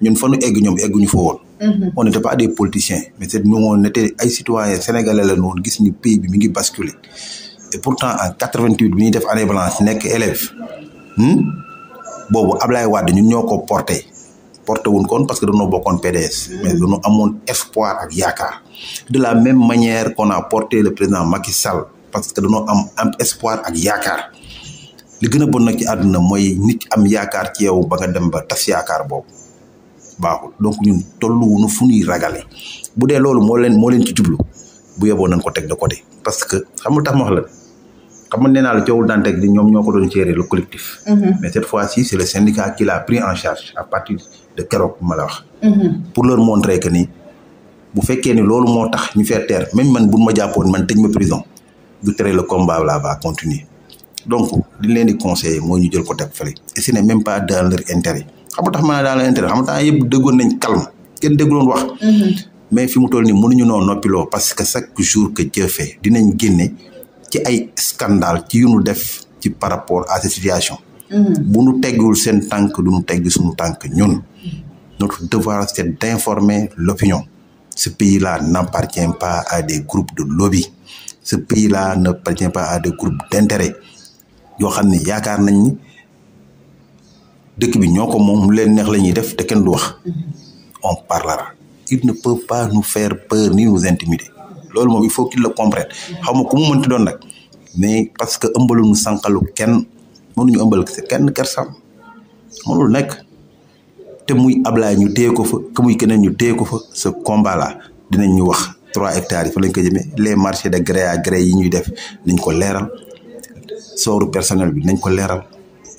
B: ñun fa nu egg ñoom egguñu fa woon.
C: Mm-hmm. on n'était
B: pas des politiciens mais c'est nous on était ay citoyens sénégalais la ñu woon gis ni pays bi mi ngi basculer et pourtant en 88 bi ñuy def année blanche nekk élève hmm? boobu Ablaye Wade ñun ñoo ko porté. porté wuñ koon parce que dañoo bokkoon PDS. Mm. mais dañoo amoon espoir ak yaakaar. de la même manière kon a porté le président Macky sal parce que dañoo am am espoir ak yaakaar li gën a bon na ci àdduna mooy nit am yaakaar ci yow ba nga dem ba tas yaakaar boobu baaxul donc ñun tolluwuñu fu ñuy ragale bu dee loolu moo leen moo leen ci jublu bu yeboo nañ ko teg de côté parce que xam nga tax ma la. xam nga nee naa la coowul ñoom ñoo ko doon gérer le collectif. Mhm. mais cette fois-ci c'est le syndicat qui pris en charge à partir de keroog ma wax. Mhm. pour leur montrer que ni bu fekkee ni loolu moo tax ñu faire taire même man buñ ma jàppoon man tëj ma prison du tere le combat là va continuer donc li leen di conseiller mooy ñu jël ko teg fële et ce n'est même pas dans leur intérêt xam nga tax ma ne dans leur intérêt xam nga temps yëpp déggoon nañ calme kenn dégguloon wax. Mhm. mais fi mu toll noo noppiloo parce que chaque jour que Dieu fait dinañ ci ay scandale ci yu nu def ci par rapport à cette situation. Mm-hmm. bu nu teggiwul seen tànk du nu teggi suñu tànk ñun. Mm-hmm. notre devoir c'est d'informer l'opinion. ce pays-là n'appartient pas à des groupes de lobby. ce pays-là n'appartient pas a des groupes d'intérêt yoo xam ne yaakaar nañ ni dëkk bi ñoo ko moom leen neex la def te kenn du wax. Mm-hmm. on parlera. ils ne peuvent pas nous faire peur ni nous intimider. loolu moom il faut qu'il le comprenne xaw ma ku mu doon nag mais parce que ëmbaluñu sànqalu kenn mënuñu ëmbal kenn kersam mënul nekk te muy Ablaye ñu téye ko fa que muy keneen ñu téye ko fa ce combat là dinañ ñu wax trois hectares yi fa lañ ko jëmee les marché de gré à gré yi ñuy def nañ ko leeral sooru personnel bi nañ ko leeral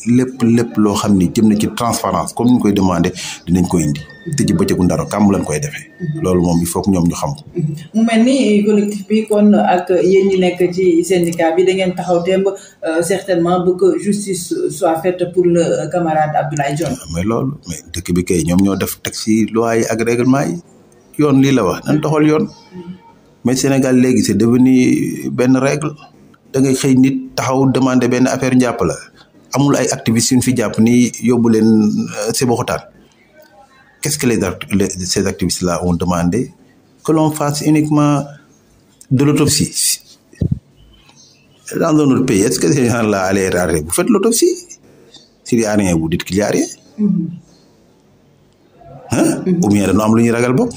B: lépp lépp loo xam ni jëm na ci transparence comme ni ñu koy demandé dinañ ko indi. te ci bëccëgu ndaro kàmm lañ koy defee. Mhm. loolu moom il faut ñoom ñu xam ko. Mhm.
A: mu mel ni collectif bi kon ak nekk ci syndicat bi da taxaw temb euh, certainement pour que justice soit faite pour le
B: bi kay ñoom ñoo def teg ci loi yi ak règlement yi yoon lii la wax mhm. yoon. mais Sénégal léegi c'est devenu benn règle da ngay xëy nit taxaw demander benn affaire njàpp la amul ay activistes yu fi jàpp ni yóbbu leen euh, Sébikotane qu'est-ce que les, act les ces activistes-là ont demandé Que l'on fasse uniquement de l'autopsie. Dans notre pays, est-ce que ces gens-là allaient errer Vous faites l'autopsie. S'il n'y a rien, vous mm-hmm. Mm-hmm. am lu ñuy ragal bopp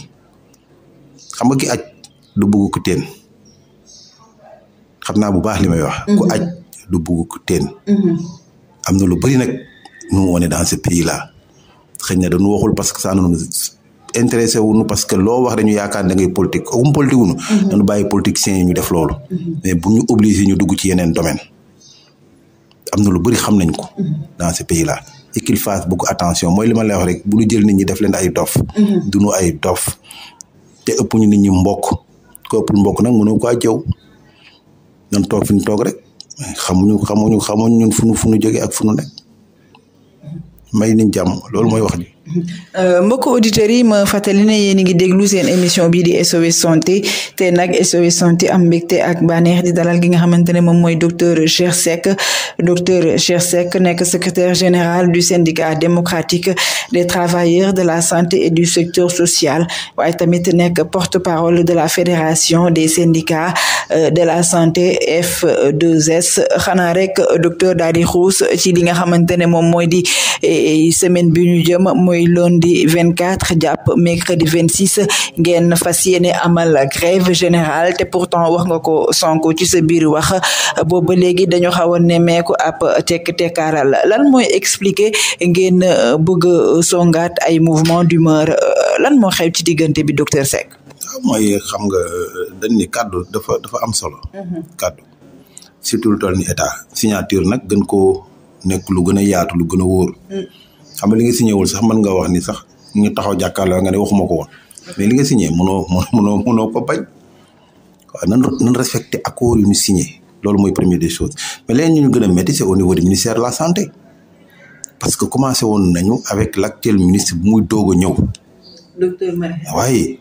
B: xam nga ki aj du bugg ku xam naa bu baax li may wax. ku mm-hmm. aj du bugg ku teen. am na lu bëri nag nous on est dans ce pays xëy na dañu waxul parce que ça nous intéressé wuñu parce que loo wax dañu yaakaar da ngay politique comme politique wuñu mhm. dañu bàyyi politiciens yi ñu def loolu mhm. mais bu ñu obligé ñu dugg ci yeneen domaine am na lu bëri xam nañ ko mhm. dans ce pays là et qu'il fasse attention mooy li ma lay rek bu ñu jël nit ñi def leen ay dof duñu ay dof te ëpp ñu nit ñi mbokk ko ëpp mbokk nag mënoo ko jëw nan toog fi ñu toog rek xamuñu xamuñu xamuñu ñun fu ñu fu ñu jógee ak fu ñu nekk may niñ jàmm loolu mooy wax ji
A: Euh, mbokk auditeurs yi ma fàttali ne yéen a ngi déglu seen émission bii di SOS santé te nag SOS santé am mbégte ak bànneex di dalal gi nga xamante ne moom mooy docteur Cheikh Seck docteur Cheikh Seck nekk secretaire général du syndicat démocratique des travailleurs de la santé et du secteur social waaye tamit nekk porte-parole de la fédération des syndicats euh, de la santé F2S xanaa rek docteur daal di xuus ci li nga xamante ne moom mooy di eh, eh, semaine bi ñu jëm mooy muy lundi 24 jàpp mercredi 26 ngeen fas yéene amal grève générale te pourtant wax nga ko Sonko ci sa biir wax ba léegi dañu xaw a nemmeeku ab tekk tekkaaral lan mooy expliquer ngeen euh, bëgg songaat ay mouvement d'humeur
B: euh, lan moo xew ci diggante bi docteur Seck ah, mooy xam nga euh, dañ ni kàddu dafa am solo mhm. kàddu surtout lu état signature nag gën koo nekk lu gën a xam nga li nga signé sax mën nga wax ni sax ñu taxaw jàkkaarloo nga ne waxuma ko woon mais li nga signé mënoo mënoo mënoo ko bañ waaw nan nan respecté accord yu ñu signé lool mooy première des choses mais leen ñu gën a métti c'est au niveau du ministère la santé parce que commencé woon nañu avec l'actuel ministre bu muy doog a ñëw. Ah waaye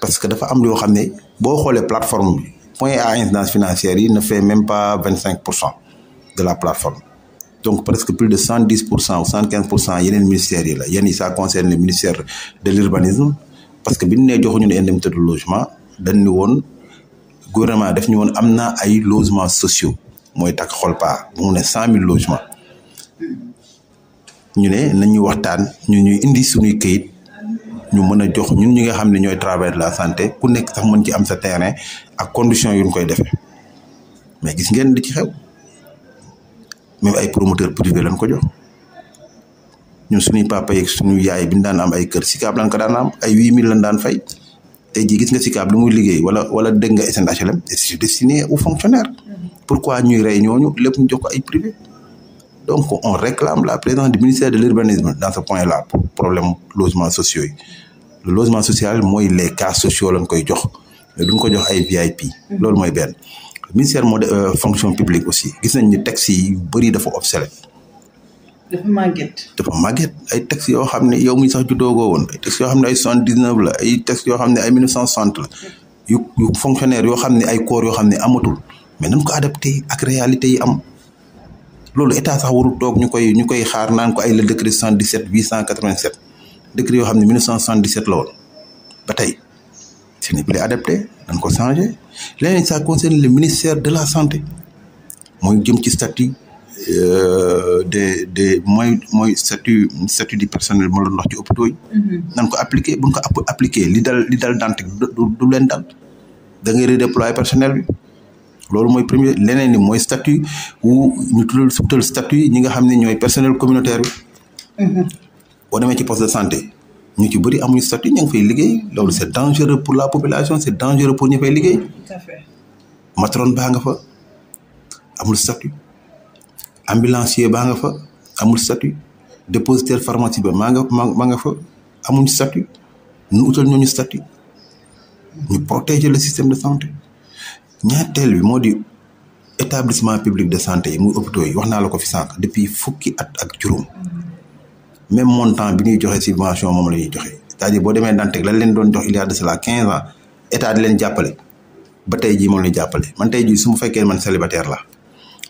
B: parce que dafa am yoo xam ne boo xoolee plateforme bi point à incidence financière yi na fait même pas vingt cinq pour cent de la plateforme. donc presque plus de cent dix pour cent ou cent quinze pour cent yeneen ministères yi la yenn yi ça concerne le ministère de l'urbanisme parce que bi ñu nee joxuñu ne indemnité woon gouvernement daf ñu woon am na ay logements sociaux mooy takk xol paa mu ne cent mille logements ñu ne nañu waxtaan ñu ñuy indi suñuy kayit ñu mën a jox ñun ñi nga xam ne ñooy travail de la santé ku nekk sax mën ci am sa terrain ak condition yu ñu koy defee mais gis ngeen di ci xew. même ay promoteur privé lañ ko jox ñun suñuy papa yeeg suñu yaay bi ñu daan am ay kër Sicap lañ ko daan am ay huit mille lañ daan fay te jii gis nga Sicap lu muy liggéey wala wala dégg nga SN HLM c'est destiné aux fonctionnaires pourquoi ñuy rey ñooñu lépp ñu jox ko ay privé donc on réclame la présence du ministère de l'urbanisme dans ce point là pour problème logement sociaux yi le logement social mooy les cas sociaux lañ koy jox mais duñ ko jox ay VIP loolu mooy benn ministère moo de euh, fonction publique aussi gis nañ ni texte yu bëri dafa obsolète.
A: dafa màgget.
B: dafa màgget ay textes yoo xam ne yow mi sax juddoogoo woon ay yoo xam ne ay soixante dix neuf la ay textes yoo xam ne ay mille neuf cent soixante yu fonctionnaire yoo xam ne ay corps yoo xam ne amatul mais nañ ko adapté ak réalité yi am loolu état sax warul toog ñu koy ñu koy xaar naan ko ay le décret soixante dix sept huit cent quatre vingt sept décret yoo xam ne mille neuf cent soixante dix sept la woon ba tey. ce n'est plus adapté dañ ko changé leneen ça concerne le ministère de la santé mooy jëm ci statut euh, des des mooy mooy statut statut du personnel moo doon wax ci hôpitaux yi. Mhm. nañ ko appliqué buñ ko appliqué li dal li dal Dantec du leen dal da ngay redéployer personnel bi loolu mooy premier leneen ni mooy statut wu ñu tuddal statut ñi nga xam ne ñooy personnel communautaire bi. Mhm. boo demee ci poste de santé ñu ci bëri amuñu statut ña ngi fay liggéey loolu c' est pour la population c' est dangereux pour ñu fay liggéey. matron baa nga fa amul statut ambulancier baa nga fa amul statut dépositaire pharmacie ba maa nga maa nga fa amuñu statut ñu utal ñooñu statut ñu protéger le système de santé ñaateel bi moo di établissement public de santé yi muy hôpitaux yi wax naa la ko fi sànq depuis fukki at ak juróom. Mm-hmm. même montant bi ñuy joxe subvention moom la ñuy joxe cest boo demee Dantec lañ leen doon jox il y a de cela 15 ans état leen jàppale ba tey jii moom jàppale man tey jii su ma fekkee man célibataire la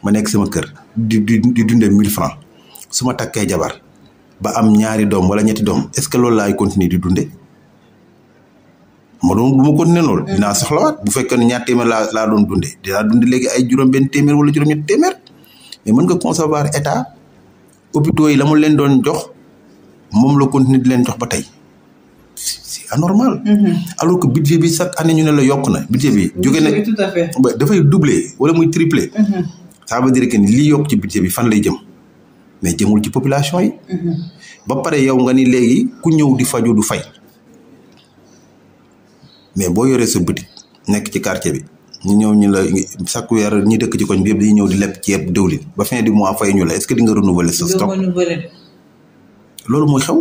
B: ma nekk sama kër di di di dundee 1000 francs su ma takkee jabar ba am ñaari doom wala ñetti doom est-ce que loolu laay continuer di dundee ma doon bu ma continuer loolu. dinaa soxlawaat bu fekkee ne ñaar téeméer laa laa doon dundee dinaa dundee léegi ay juróom-benn téeméer wala juróom-ñetti téeméer mais mën nga concevoir état hôpitaux yi la mu leen doon jox. moom la continuer di leen jox ba tey c'est anormal. Mm-hmm. alors que budget bi chaque année ñu ne la yokk na budget bi. jóge na dafay doubler wala muy tripler. Mm-hmm. ça veut dire lii yokk ci budget bi fan lay jëm mais jëmul ci population yi. Mm-hmm. ba pare yow nga ni léegi ku ñëw di faju du fay mais boo yoree sa boutique nekk ci quartier bi. ñu ñëw ñu la chaque weer ñi dëkk ci koñ bi yëpp dañuy ñëw di leb ceeb diwlin ba fin du mois fay ñu la est-ce que di nga renouveler sa stock loolu mooy xew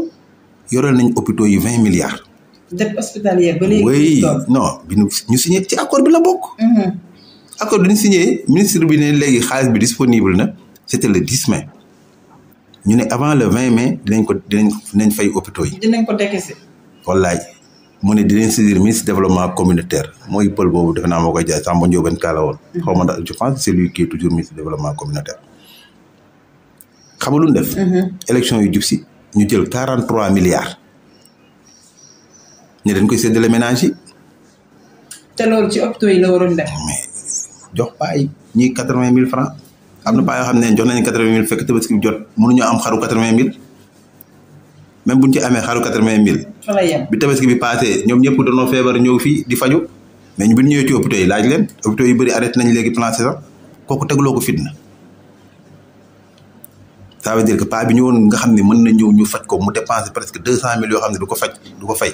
B: yorol nañ hôpitaux yi vingt milliards.
A: dette hospitalière ba léegi. oui
B: non ñu ñu signé ci accord
A: bi la bokk. Mhm.
B: accord bi ñu signé ministre bi ne léegi xaalis bi disponible na c'était le 10 mais ñu ne avant le 20 mais dinañ ko dinañ dinañ fay hôpitaux yi.
A: dinañ ko décaisser.
B: wallaay mu ne dinañ saisir ministre développement communautaire mooy pël boobu defe naa moo koy jaay Samba Ndiobène Ka la woon. Mhm. xaw ma ndax je pense c'est lui qui est toujours ministre développement communautaire. xam nga lu def. Mhm. élection yi jub si. ñu jël quarante trois milliards ñu dañ koy séddale ménage yi.
A: te loolu ci hôpitaux yi la waroon de
B: mais jox paa yi ñii quatre vingt mille franc am na paa yoo xam ne jox nañu quatre vingt mille fekk tabaski bi jot mënuñu am xaru quatre vingt mille même buñ ci amee xaru quatre vingt mille. bi tabaski bi passé ñoom ñëpp dañoo feebar ñëw fi di faju mais ñu bi ñëwee ci hôpitaux yi laaj leen hôpitaux yu bëri arrêté nañ léegi plan saison kooku tegloo ko fitna. ça veut dire que pas bi nga xam ne mën na ñëw ñu faj ko mu dépensé presque deux cent mille yoo xam ne du ko faj du ko fay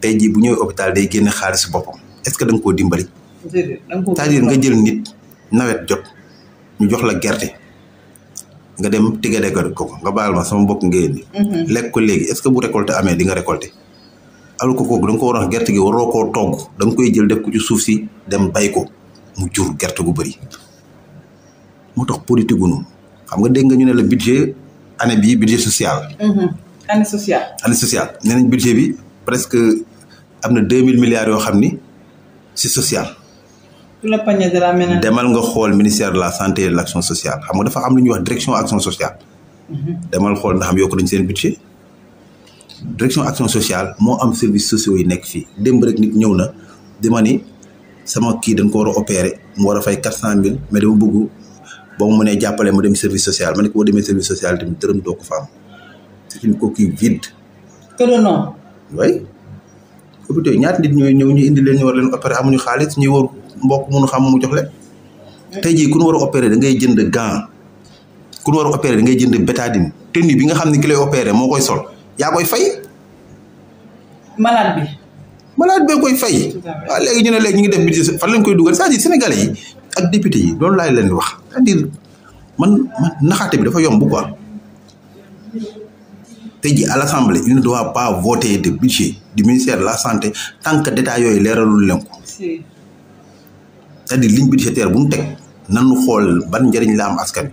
B: tey jii bu ñëwee hôpital day génne xaalis boppam est ce que da nga koo dimbali.
A: c'est-à-dire nga
B: jël nit nawet jot ñu jox la gerte nga dem tigade ko ko nga baal ma sama mbokk ngeen ni léegi est ce que bu récolté amee di nga récolté alors que kooku da ko war a gerte gi waroo koo togg da nga koy jël def ko ci suuf si dem bay ko mu jur gerte gu bëri moo tax politique gu xam nga dégg nga ñu ne la budget année bii budget social.
A: Mhm. sociale.
B: année sociale nee nañ budget bi presque am na deux mille milliards yoo xam ni si social.
A: tout le demal
B: nga xool ministère de la santé et de l' sociale xam nga dafa am lu ñuy wax direction action sociale. Mhm. demal xool ndax am yokk nañ seen budget. direction action sociale moo am service sociaux yi nekk fii démb rek nit ñëw na dama ni sama kii dañ ko war a opérer mu war a fay quatre cent mille mais dama bëgg. ba mu mënee jàppale ma dem service social ma ne ko boo demee service social tamit dërëm doo ko fa am c'est une coquille vide. que de nom. oui hôpitaux yi ñaata nit ñëw ñu indi leen leen opérer amuñu xaalis ñuy war mbokk mënu xam mu jox leen. tey jii ku war a da ngay jënd gant ku da ngay jënd bétadine tenue bi nga xam ne ki lay opérer moo koy sol yaa koy fay. malade bi. malade bee koy fay. waaw léegi ñu ne léegi ñu ngi def budget fan lañ koy dugal c'est-à-dire ak député yi loolu laay leen wax cest à man man naxaate bi dafa yomb quoi
C: tey jii à l'assemblée
B: il ne doit pas voter de budget du ministère de la santé tant que détails yooyu leeralul leen ko
C: c'est-à-dire
B: ligne budgétaire bu mu teg nu xool ban njëriñ la am askan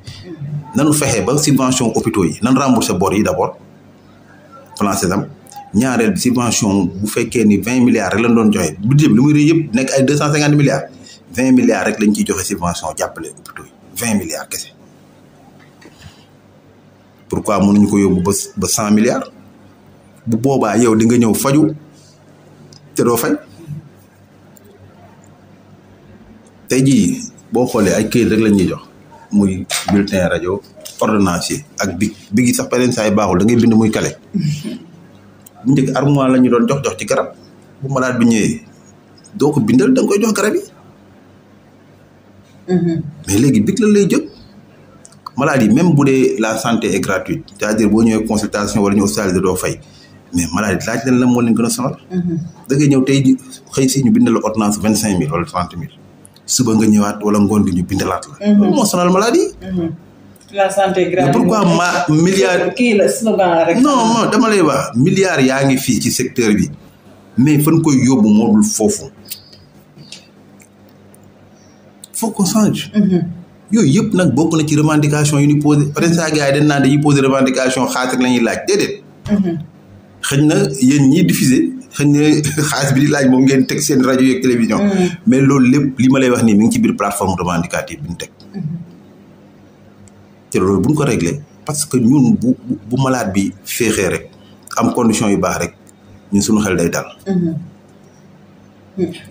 B: wi nu fexe ba subvention hôpitaux yi nan rembourser bor yi d'abord plan Sésame ñaareel subvention bu fekkee ni vingt milliards rek lañ doon joxe budget bi lu muy rëy yëpp nekk ay deux cent cinquante vingt milliards rek lañ ciy joxe subvention jàppale hôpitaux yi vingt milliards kese pourquoi mënuñu ko yóbbu ba ba cent milliards bu boobaa yow di nga ñëw faju te doo fay tey jii boo xoolee ay këyit rek lañ ñuy jox muy bulletin rajo ordonnance yi ak big big sax beneen saa yi baaxul da ngay bind muy kale bu njëkk armoire la ñu doon jox jox ci garab bu malade bi ñëwee doo ko bindal da nga koy jox garab yi Mm-hmm. mais léegi bic la lay jot maladie même bu dee la santé est gratuite c'est-à-dire boo ñëwee consultation wala ñëw hôpital doo fay mais maladie laaj leen la moo leen a sonal. Mm-hmm. da ngay ñëw tey xëy si ñu bindal vingt cinq mille wala trente mille suba nga ñëwaat wala ngoon gi ñu bindalaat la. Mm-hmm. moo sonal maladie. la santé gratuite ma milliard. kii la rek. non non dama lay wax milliards yaa ngi fii ci secteur bi mais fan koy yóbbu moo dul foofu. faut qu'on mhm. yooyu yëpp nag bokk na ci revendication yu ni posé peut-être saa gars yi dañ naan dañuy posé revendication xaalis rek la laaj déedéet. Mhm. xëy na yéen ñiy diffuse xëy na xaalis bi di laaj moom ngeen teg seen rajo yeeg télévision. Mhm. mais loolu lépp li ma lay wax nii mi ngi ci biir plateforme revendicative bi ñu teg. te loolu bu ñu ko réglé parce que ñun bu bu malaat bi féexee rek am condition yu baax rek ñun sunu xel day dal.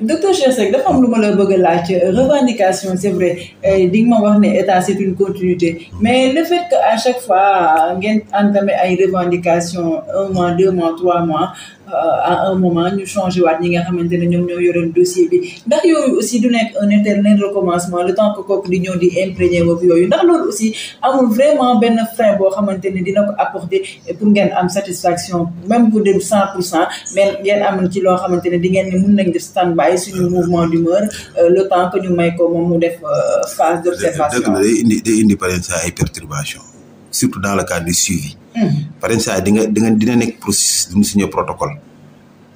A: docteur Cheikh Seck dafa am lu ma la bëgg a laaj revendication c'est vrai eh, di nga wax ne état c'est une continuité mais le fait que à chaque fois ngeen entamé ay revendication un mois deux mois trois mois à un moment ñu changé waat ñi nga xamante ne ñoom ñoo yoroon dossier bi ndax yooyu aussi du nekk un éternel recommencement le temps que kooku di ñëw di imprégné woog yooyu ndax loolu aussi amul vraiment benn frein boo xamante ne dina ko apporter pour ngeen am satisfaction même bu dem cent pour cent mais ngeen am ci loo xamante ne di ngeen ne mun nañ def stand by suñu mouvement d'humeur euh, le temps que ñu may ko moom mu def euh,
B: phase d'observation dëgg la day indi indi par exemple surtout dans le cadre du suivi. Hmm. par exemple saa di di nga dina nekk processus du ñu signé protocole.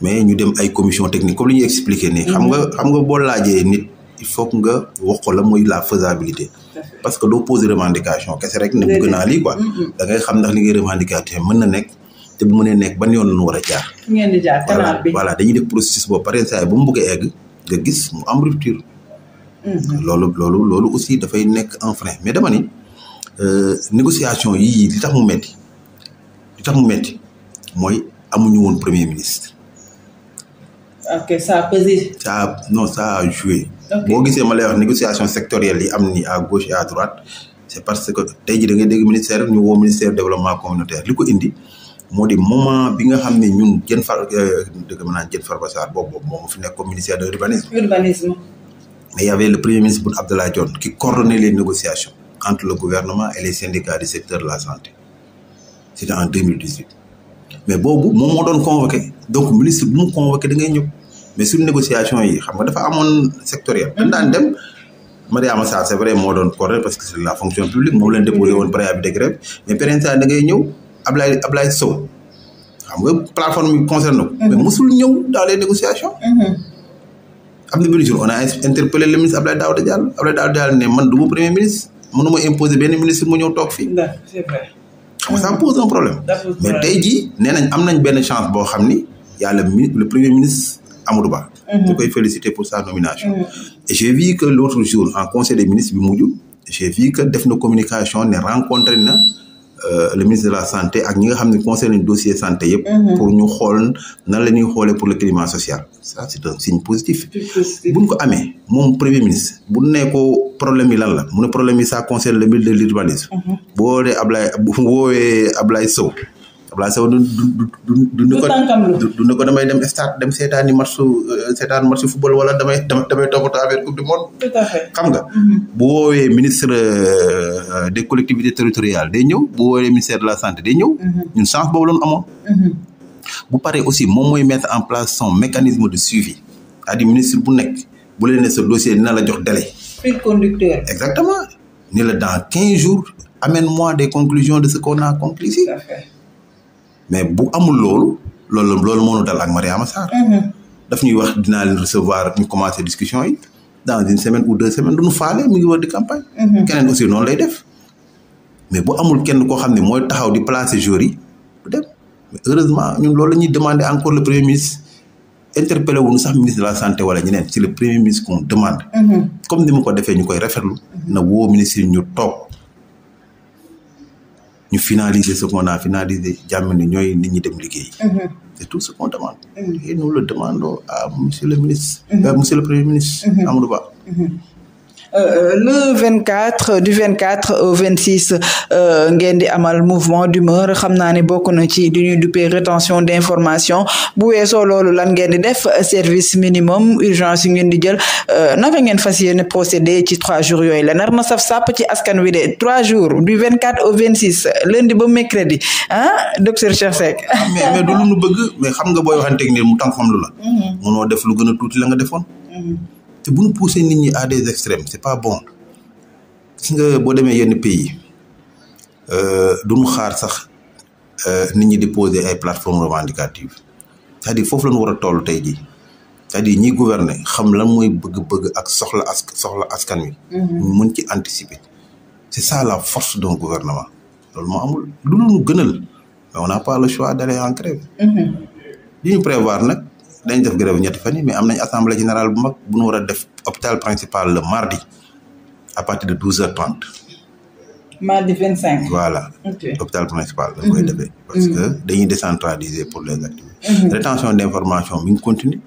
B: mais ñu dem ay commission technique comme li ñuy nii. xam nga xam nga boo laajee nit. il faut nga wax ko la mooy la faisabilité. parce que doo poser revendication kese rek ne naa lii quoi. Hmm, hmm. da xam ndax li ngay revendication mën na nekk. te bu mënee nekk ban yoon la war a jaar.
A: ngeen di jaar
B: voilà dañuy def processus boobu par exemple bu mu bëgg a egg nga gis mu am rupture. loolu loolu loolu aussi dafay nekk un frein mais dama ni. Euh, négociation yii li tax mu metti li tax mu metti mooy amuñu woon premier ministre.
A: ok ça a pesé.
B: a, a joué. boo gisee ma lay négociation sectorielle yi am ni à gauche et droite c'est parce que te jii da ngay dégg ministère ñu woo ministère développement communautaire li ko indi moo di moment bi nga xam ne ñun jën far euh, dëgg mën naa jën Farba Sarr boobu boobu moom fi nekk comme ministère de l'urbanisme. urbanisme. mais y avait le premier ministre Boun Abdallah Dionne qui coordonnait les négociations. entre le gouvernement et les syndicats du secteur de la santé c'était en mais boobu moom moo doon convoqué donc ministre bu mu convoqué da ngay ñëw mais sur négociation yi xam nga dafa amoon sectoriel dañ daan dem Mariama Sarr c'est vrai moo doon coordonné parce que c'est la fonction publique moom leen déposé woon préavis de grève mais pérén da ngay ñëw Ablaye Ablaye xam nga plateforme bi concerne ko mais mhm. mosul ñëw dans les mhm. am na benn jour a interpellé le ministre Abdoulaye Daouda Diallo Abdoulaye Daouda Diallo ne man du ma premier mënuma imposer benn ministre mu ñëw toog fii. c'est vrai. xam nga ça pose un problème. mais tey jii nee nañ am nañ benn chance boo xam ni y a le le premier ministre Amadou Ba. Mhm. ñu koy féliciter pour sa nomination. Mhm. et j'ai vu que l'autre jour en conseil des ministres bi mujj e vu que def na communication ne rencontré na. Euh, le ministre de la santé ak ñi nga xam ne concerne dossier santé yëpp. Mm-hmm. pour ñu xool nan la ñuy xoolee pour le climat social. ça un signe positif. buñ ko amee moom premier ministre bu ne ko problème yi lan la mu ne problème yi ça concerne le milieu de l'urbanisme. Mm-hmm. boo dee Ablaye bu woowee Ablaye Sow. Abdoulaye Sow du du du du ko du ne ko damay dem stade dem seetaani match euh, seetaan match football wala damay damay toppatoo affaire coupe du monde. tout xam nga. Mhm. bu woowee ministre euh, de collectivités territoriales day ñëw bu woowee ministère de la santé day ñëw. Mhm. ñun chance boobu la amoon. Mhm. bu paree aussi moom mooy mettre en place son mécanisme de suivi cest ministre bu nekk bu leen ne sa dossier dina la jox délai.
A: fil exactement
B: ni la dans quinze jours amène-moi des conclusions de ce a conclu mais bu amul loolu loolu loolu moo nu dal ak Mariama Sarr. Mhm. daf ñuy wax dinaa leen recevoir ñu commencé discussion yi dans une semaine ou deux semaines duñu faale mu ngi war di campagne.
C: Mhm. keneen aussi
B: noonu lay def. mais bu amul kenn koo xam ne mooy taxaw di placer jour yi du dem heureusement ñun loolu la ñuy demander encore le premier ministre interpellé wuñu sax ministre de la santé wala ñeneen ci le premier ministre qu'on demande. Mhm. comme ni mu ko defee ñu koy rafetlu. na woo ministre yi ñu toog. ñu finaliser ce qu'on a finalisé jàmm ni ñooy nit ñi liggéey. Mhm. c'est tout ce qu'on demande. Mhm. et le ministre. Euh, mhm. le premier ministre. Amadou
A: Euh, euh, le 24 du quatre au vingt 26 euh, ngeen di amal mouvement d'humeur xam naa ne bokk na ci du ñuy duppee rétention d'information bu weesoo loolu lan ngeen di def service minimum urgence yi ngeen di jël naka ngeen fas yéene procédé ci trois jours yooyu la nar na saf sàpp ci askan wi de trois jours du 24 au vingt 26
B: lundi ba mercredi ah docteur Cheikh Seck. Ah, mais mais du lu nu bëgg mais xam nga booy waxanteeg nii mu tànk xam lu la. mënoo mm-hmm. def lu gën a tuuti la nga defoon.
C: Mm-hmm.
B: te bu ñu poussé nit ñi à des extrêmes c'est pas bon gis nga boo demee yenn pays euh, du ñu xaar sax euh, nit ñi di poser ay plateforme revendicatives cest à foofu lañu war a toll tey jii c'est-à-dire ñiy xam lan mooy bëgg-bëgg ak soxla as soxla askan wi. Mm-hmm. ñu mën ci anticiper. c'est ça la force d'un gouvernement loolu moo amul lu ñu gënal mais on n'a pas le choix d'aller en grève. Mm-hmm. ñu prévoir nag. dañ def grève ñetti fan yi mais am nañ assemblée générale bu mag bu nu war a def hôpital principal le mardi à partir de douze heures voilà okay. hôpital principal dañ koy mhm. defee. parce que mhm. dañuy décentraliser pour les activités. Mhm. rétention d' information mi ngi continue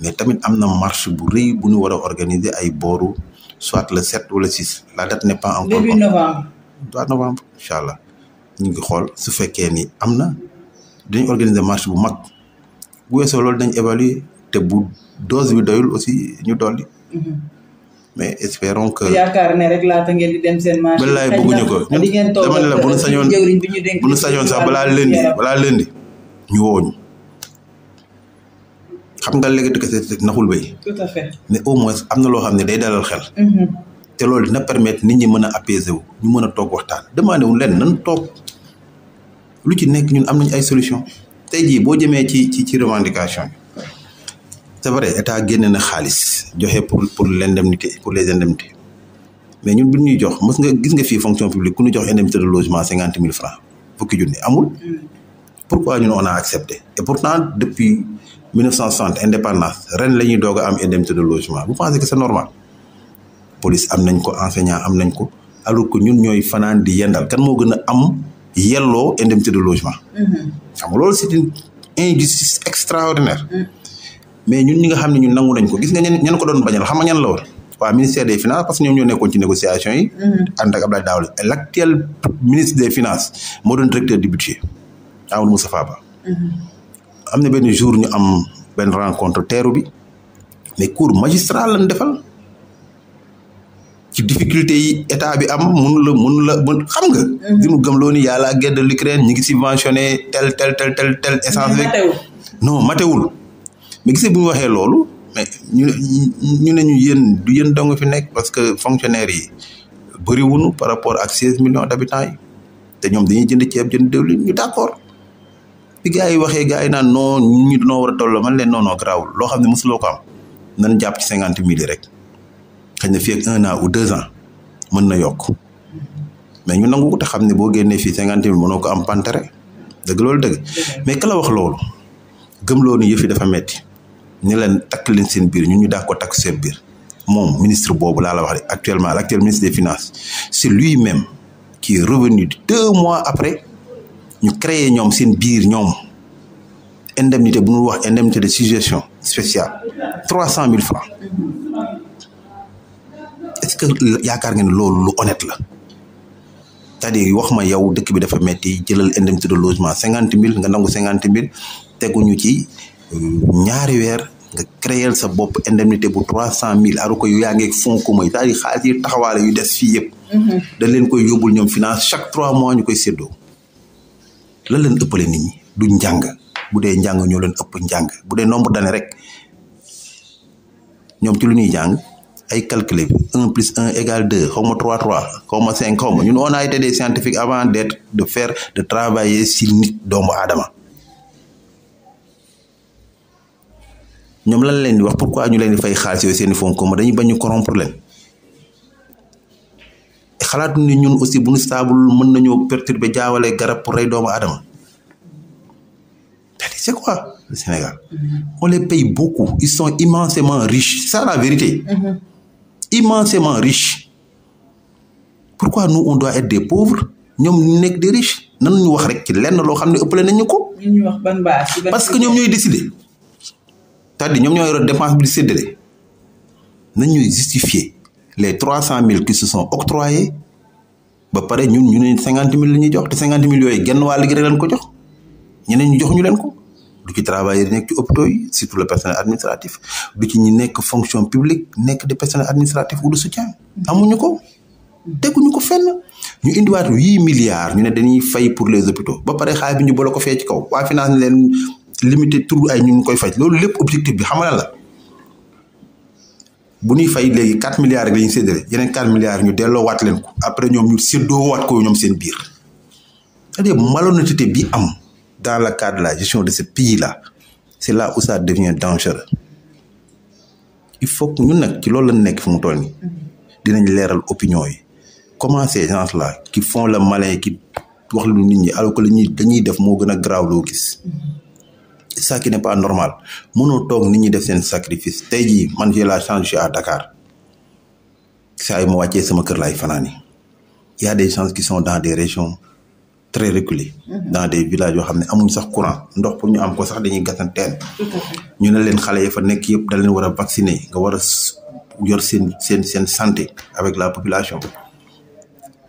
B: mais tamit am na marche bu rëy bu ñu war a organiser ay booru soit le sept wala six la date n' est pas encore. début novembre. 3 novembre allah ñu ngi xool su fekkee ni am na dañu organiser marché bu mag. bu weesoo loolu dañ évaluer te bu dose bi doyul aussi ñu dolli. mais espérons que. yaakaar
A: ne rek laata ngeen di dem seen bëgguñu ko dama ne la bu ñu sañoon bu ñu sañoon sax balaa lëndi
B: balaa lëndi ñu wooñu xam nga léegi kese naxul béy. tout mais au moins am na loo xam ne day dalal xel. Mhm. te loolu dina permettre nit ñi mën a apaiser wu ñu mën a toog waxtaan demandé wu leen nan toog lu ci nekk ñun am nañ ay solution tey jii boo jëmee ci ci ci revendication bi c'est vrai état génne na xaalis joxe pour pour l'indemnité pour les indemnités mais ñun bu ñuy jox mos nga gis nga fii fonction publique ku ñu jox indemnité de logement cinquante mille francs fukki ne amul. pourquoi ñun on a accepté et pourtant depuis 1960 indépendance ren la ñuy doog a am indemnité de logement vous pensez que c'est normal police am nañ ko enseignant am nañ ko alors que ñun ñooy fanaan di yendal kan moo gën a am yelloo indemnité xam nga loolu c'est une injustice extraordinaire mais ñun ñi nga xam ne ñun nangu nañ ko gis nga ñen ñen ko doon bañal xam nga ñan la woon waa ministère des finances parce que ñoom ñoo nekkoon ci négociation yi mm-hmm. ànd ak Abdoulaye ministre des finances moo doon directeur du budget Amadou Moustapha
C: mm-hmm.
B: am na benn jour ñu am benn rencontre teeru bi mais cour magistral lañ defal ci difficulté yi état bi am mun la munu la mun xam nga. Mhm. di mu gëmloo ni yàlla guerre de l'Ukraine ñu ngi subventionné tel tel tel tel tel essence. matewul non matewul. mais gisee waxee loolu mais ñu ne ñu yéen du yéen dong fi nekk parce que fonctionnaire yi bëri wuñu par rapport ak seize millions d'habitants yi te ñoom dañuy jënd ceeb jënd diwlin ñu d'accord. bi gars yi waxee gars yi naan noo ñun ñu dañoo war a toll man leen non non garaawul loo xam ne mosuloo ko am nañ jàpp cinquante mille rek. xëy na fii ak un an ou deux ans mën na yokk mais ñu nangu ko te xam ne boo génnee fii cinquante mille mënoo ko am pantere dëgg loolu dëgg mais ka la wax loolu gëm loolu yëf yi dafa metti ni leen takk leen seen biir ñun ñu daa ko takk seen biir moom ministre boobu laa la wax actuellement l'actuel des finances c'est lui-même qui est revenu deux mois après ñu créer ñoom seen biir ñoom indemnité bu ñu wax indemnité de suggestion spéciale trois cent mille francs est-ce que yaakaar ngeen loolu lu honnête la cest wax ma yow dëkk bi dafa metti jëlal indemnité de logement cinquante mille nga nangu cinquante mille teguñu ci euh, ñaari weer nga créer sa bopp indemnité bu trois cent mille alors que yow yaa ngeeg fonds commun yi xaalis taxawaale yu des fii yëpp. Mm-hmm. dañ leen koy yóbbul ñoom finance chaque trois mois ñu koy séddoo. lan leen ëppale nit ñi du njàng bu dee njàng ñoo leen ëpp njàng bu dee nombre d'années rek ñoom ci lu ñuy jàng. ay calculer un plus un égale deux xaw ma trois trois xaw ma cinq xaw ma ñun on a été des scientifiques avant d'être de faire de travailler si nit doomu aadama ñoom la leen di wax pourquoi ñu leen fay xaalis yooyu seen fonds commun dañuy bañ a corrompre leen xalaatu ni ñun aussi bu ñu saabul mën nañoo perturber jaawale garab pour rey doomu aadama c'est quoi le Sénégal on les paye beaucoup ils immensément riches c'est la vérité. Mm-hmm. immensément riche pourquoi nous on doit être des pauvres ñoom ñu nekk des riches nan ñu wax rek ci lenn loo xam ne ëpp nañu ko. ñu ko ban base parce que ñoom ñooy décider cest à ñoom ñoo yor dépense bi di séddale nañ ñuy justifier les trois cent mille qui se sont octroyés ba pare ñun ñu ne cinquante mille la ñuy jox te cinquante mille yooyu genn wàll gi rek leen ko jox ñeneen ñu jox ñu leen ko. du ci travailleurs yi nekk ci hôpitaux surtout le personnel administratif du ci ñi nekk fonction publique nekk des personnels administratifs ou de soutien amuñu ko ñu ko fenn ñu indiwaat huit milliards ñu ne dañuy fay pour les hôpitaux ba pare xaa bi ñu boole ko fee ci kaw waa finance ne leen limite tur ay ñu ngi koy faj loolu lépp objectif bi xamal la bu ñuy fay léegi quatre milliards rek ñu séddale yeneen quatre milliards ñu delloo waat leen ko après ñoom ñu séddoo waat ko ñoom seen biir dans le cadre la gestion de ce pays-là c'est la où ça devient dangereux il faut ñun nag ci loolu la nekk fu mu toll nii dinañ leeral opinion yi comment ces la ki qui font le malin qui wax lu nit ñi alors que la ñuy dañuy def moo gën a grave loo gis ça qui n'est pas normal mënoo toog ni ñi def seen sacrifice tey jii man j'ai la chance je à Dakar saa yi ma wàccee sama kër laay fanaan yi y a des gens qui dans des régions très reculé. Mhm. dans des village yoo xam ne amuñ sax courant ndox pour ñu am ko sax dañuy gasan teen. ñu ne leen xale yi fa nekk yëpp da leen war a vacciner nga war a yor seen seen seen santé avec la population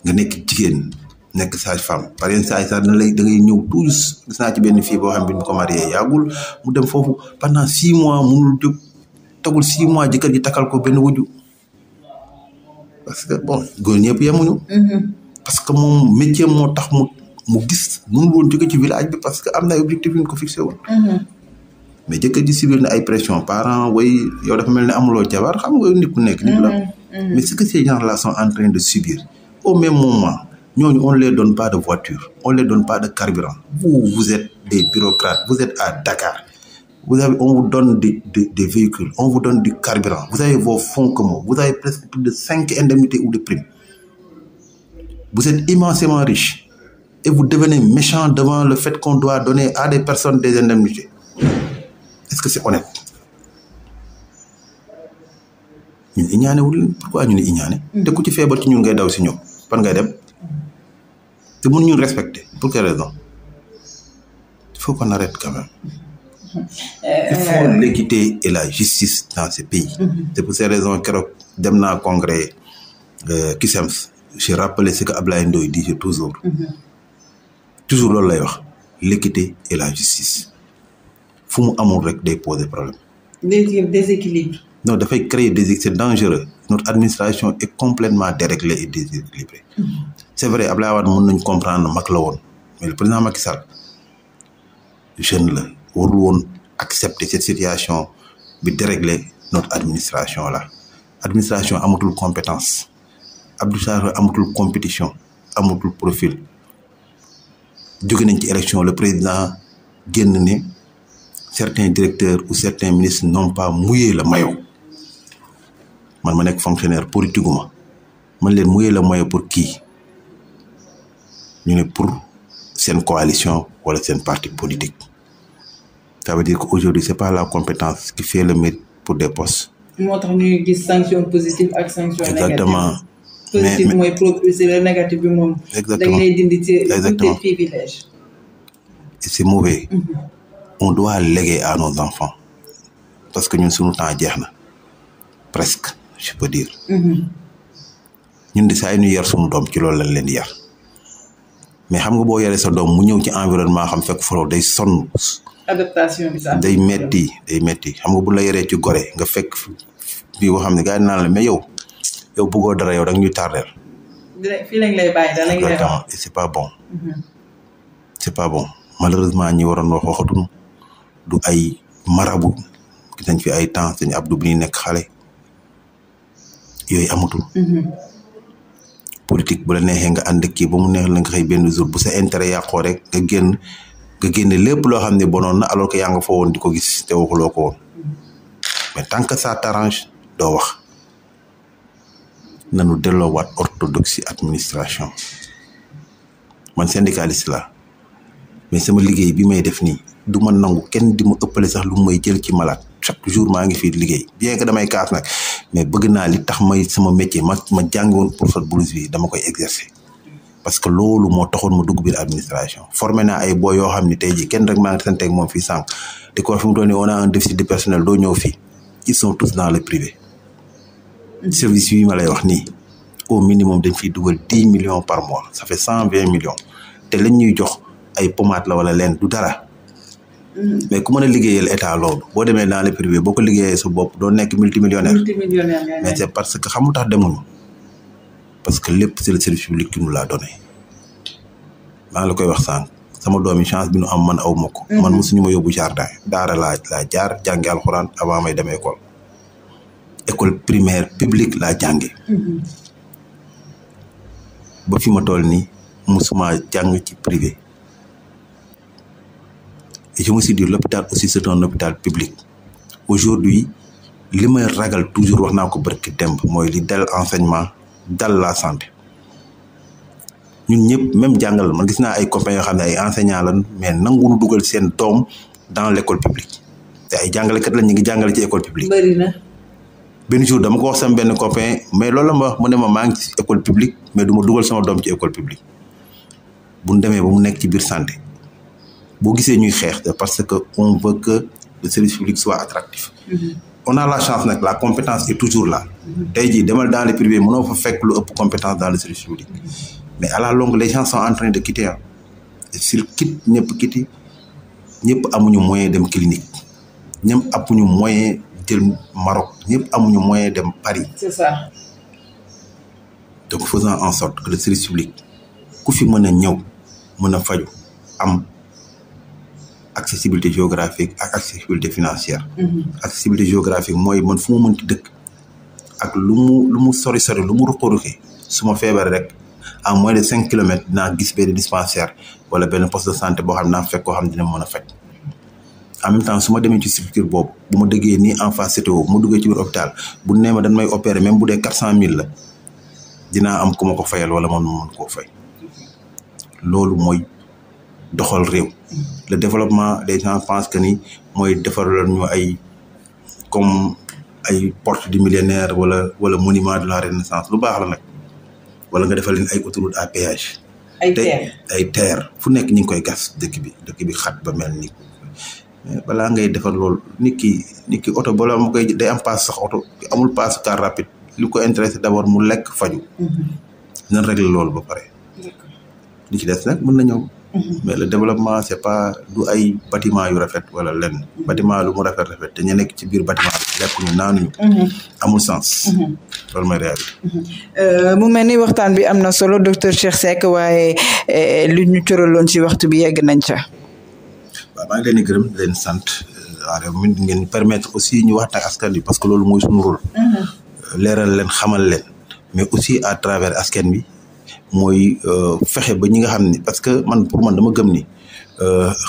B: nga nekk jigéen nekk sage femme par exemple sage sax dina da ngay ñëw tous gis benn fii boo xam bi ñu ko marié yàggul mu dem foofu pendant six mois mu jóg tagul six mois jëkkër ji takkal ko benn wujju parce que bon góor ñëpp yemuñu. Mhm. parce que moom métier moo tax mu. mu gis mënul woon jóge ci village bi parce que am na ay objectif yu ñu ko fixé woon. Mhm. mais jëkkër ji subir na ay pression parents way yow dafa mel ne amuloo jabar xam nga nit ku nekk. nit la mhm, mhm. mais ce que ces gens là sont de subir au même moment ñooñu on les donne pas de voiture on les donne pas de carburant vous vous êtes des bureaucrates vous à Dakar. vous avez on vous donne des, des on vous donne du carburant vous avez vos fonds communs vous presque plus de cinq indemnités ou de primes vous et vous devenez méchant devant le fait qu'on doit donner à des personnes des indemnités est-ce que c'est honnête ñun iñaane wul leen pourquoi ñu iñaane te ku ci feebar ci ngay daw si ñoom fan ngay dem te ñu respecter pour quelle raison il faut qu'on arrête quand même
C: il faut
B: euh, et la justice dans ce pays mm-hmm. c'est pour ces raisons keroog dem naa congrès CUSEMS euh, e j'ai rappelé ce que Ablaye Ndoye disait toujours mm-hmm. toujours loolu lay wax l'équité e la justice fu mu amul rek day poser problème.
A: déséquilibre.
B: non dafay créer déséquilibre c'est dangereux notre administration est complètement déréglée et déséquilibrée. Mm -hmm. c'est vrai Abdoulaye Wade nañ comprendre mag la woon mais le président Macky Sall jeune la warul woon accepter cette situation bi dérégler notre administration là administration amatul compétence Abdou Sarr amatul compétition amatul profil. jóge nañ ci élection le président génn ne certains directeurs ou certains ministres n'ont pas mouillé le maillot man ma nekk fonctionnaire politique ma man leen mouillé le maillot pour kii ñu ne pour seen coalition wala seen parti politique ça veut dire que aujourd'hui c'est pas la compétence qui fait le mérite pour des postes
A: moo tax exactement positif bi moom. exactement da ngay dindi ci exactement tuuti privilège.
B: c'est mauvais. Mm -hmm. on doit léguer à nos enfants. parce que ñun suñu temps jeex na presque je peux dire. Mhm. ñun de saa nu yar suñu doom ci loolu lañ leen di yar mais xam nga boo yaree sa doom mu ñëw ci environnement xam fekk folo day sonn.
A: day metti
B: day metti xam nga bu la yaree ci gore nga fekk fii boo xam ne gars yi naan la mais yow. yow bëggoo dara yow da nga ñuy tardeel.
A: fii lañ lay bàyyi danañ c'est pas bon. Mm-hmm.
B: c'est pas bon malheureusement ñi waroon wax waxatuñu du ay marabu ki nañ fi ay temps sëñ ab bi ñuy nekk xale yooyu amatul. Mm-hmm. politique bu la neexee nga ànd ak kii ba mu neex la nga xëy benn jour bu sa intérêt yàqoo rek nga génn nga génne lépp loo xam ne bonoon na alors que yaa nga foo woon di ko gis te waxuloo ko mm-hmm. mais tant que ça t'arrange doo wax. nanu delloowaat orthodoxie administration man syndicaliste la mais sama liggéey bi may def nii du ma nangu kenn di ma ëppale sax lu may jël ci malat chaque jour maa ngi fii liggéey bien que damay kaas nag mais bëgg naa li tax may sama métier ma ma jàngi woon pour sa blouse bi dama koy exercer parce que loolu moo taxoon ma dugg biir administration formé naa ay boo yoo xam ne tey jii kenn rek maa ngi santeeg moom fii sànq te ko fi mu toll nii on a un déficit de personnel doo ñëw fii ils sont tous dans le service yi ma lay wax nii au minimum dañ fiy dugal dix millions par mois ça fait cent vingt millions te lañ ñuy jox ay pomat la wala leen du dara mais ku mën a liggéeyal état loolu boo demee dans le privé boo ko liggéeyee sa bopp doo nekk multimillionnaire mais c'est parce que xamu tax demuñu parce que lépp c'est le service public qui nous l'a donné maa ngi la koy wax sànq sama doomi chance bi nu am man aw ma ko mm-hmm. man mosuñu ma yóbbu jardin daara laa laa jaar jàngi alxuraan avant may dem école école primaire publique laa jànge ba fi ma toll nii musuma jàng ci privé et je me suis dit l'hôpital aussi c'est un hôpital public aujourd'hui li may ragal toujours wax naa ko barki temb mooy li dal enseignement dal la santé ñun ñëpp même jàngal man gis naa ay compagnie yoo xam ne ay enseignant la mais nanguñu dugal seen doom dans l'école publique te ay jàngalekat lañ ñu ngi jàngale ci école publique. benn jour dama ko wax benn copain mais loolu la ma wax mu ma maa ngi ci école publique mais du ma dugal sama doom ci bu ñu demee ba mu nekk ci biir santé boo gisee ñuy xeex parce que on veut que le service public soit attractif. Mm-hmm. on la chance nag la compétence est toujours la
C: mm-hmm. tey jii demal dans le privé
B: mënoo fa fekk lu ëpp compétence dans le service public. Mm-hmm. mais à la longue les gens sont en train de quitter si sur quitte ñëpp quitte ñëpp amuñu moyen dem clinique ñoom amuñu moyen. jël Maroc ñëpp amuñu moyen dem Paris. te ça. donc en sorte le service public ku fi mën a ñëw mën a faju am accessibilité géographique ak accessibilité financière. Mm-hmm. accessibilité géographique mooy man fu ma mënti dëkk ak lu mu lu mu sori sori lu mu ruqaruqi su ma feebaree rek en moins de cinq kilomètres dinaa gis benn dispensaire wala benn poste de santé boo xam ne naa fekk koo xam dina mën a faj. en même temps su ma demee ci structure boobu bu ma déggee nii en face CTO mu duggee ci biir hôpital bu nee ma dañ may opérer même bu dee quatre cent mille la dinaa am ku ma ko fayal wala man ma koo fay loolu mooy doxal réew le développement des gens pensent que ni mooy defaral ñu ay comme ay porte du millénaire wala wala monument de la renaissance lu baax la nag wala nga defal leen ay autoroute à ay terre fu nekk ñu ngi koy gas dëkk bi dëkk bi xat ba mel ni balaa ngay defar lool nit ki nit ki oto balaa mu koy day am paas sax oto amul paas car rapide lu ko intéressé d'abord mu lekk faju mm-hmm. nan régler loolu ba pare li ci des nag mën na
C: mm-hmm. mais
B: le développement c'est pas du ay bâtiment yu rafet wala lenn mm-hmm. bâtiment lu mu rafet rafet te ñu nekk ci biir bâtiment bi lekkuñu naanuñu amul sens loolu mooy
A: euh, mu mel ni waxtaan bi am na solo docteur Cheikh Seck waaye eh, lu ñu coraloon ci waxtu bi yegg nañ ca
B: waaw leen gërëm leen sant euh, waa réew mi ngeen permettre aussi ñu waxtaan askan bi parce que loolu mooy suñu rôle. Mm-hmm. Euh, leeral leen xamal leen mais aussi à travers askan bi mooy euh, fexe ba ñi nga xam ni parce que man pour man dama gëm ni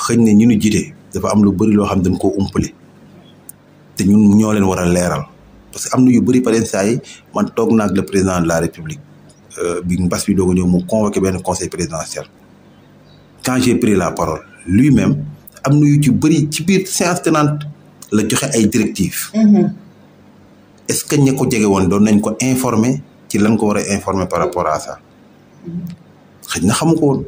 B: xëñ na ñu nu jiite dafa am lu bëri loo xam dañ ko umpale te ñun ñoo leen war a leeral parce que am na yu bëri par exemple saa yi man toog naa ak le président de la république bi mbas bi doog a ñëw mu convoqué benn conseil présidentiel quand j'ai pris la parole lui-même. am na yu bëri ci biir séance tenante la joxe ay directives. Mm-hmm. est-ce que ña ko jege woon doon nañ ko informer ci lan ko war a par rapport à ça mm-hmm. xëy na xamu ko woon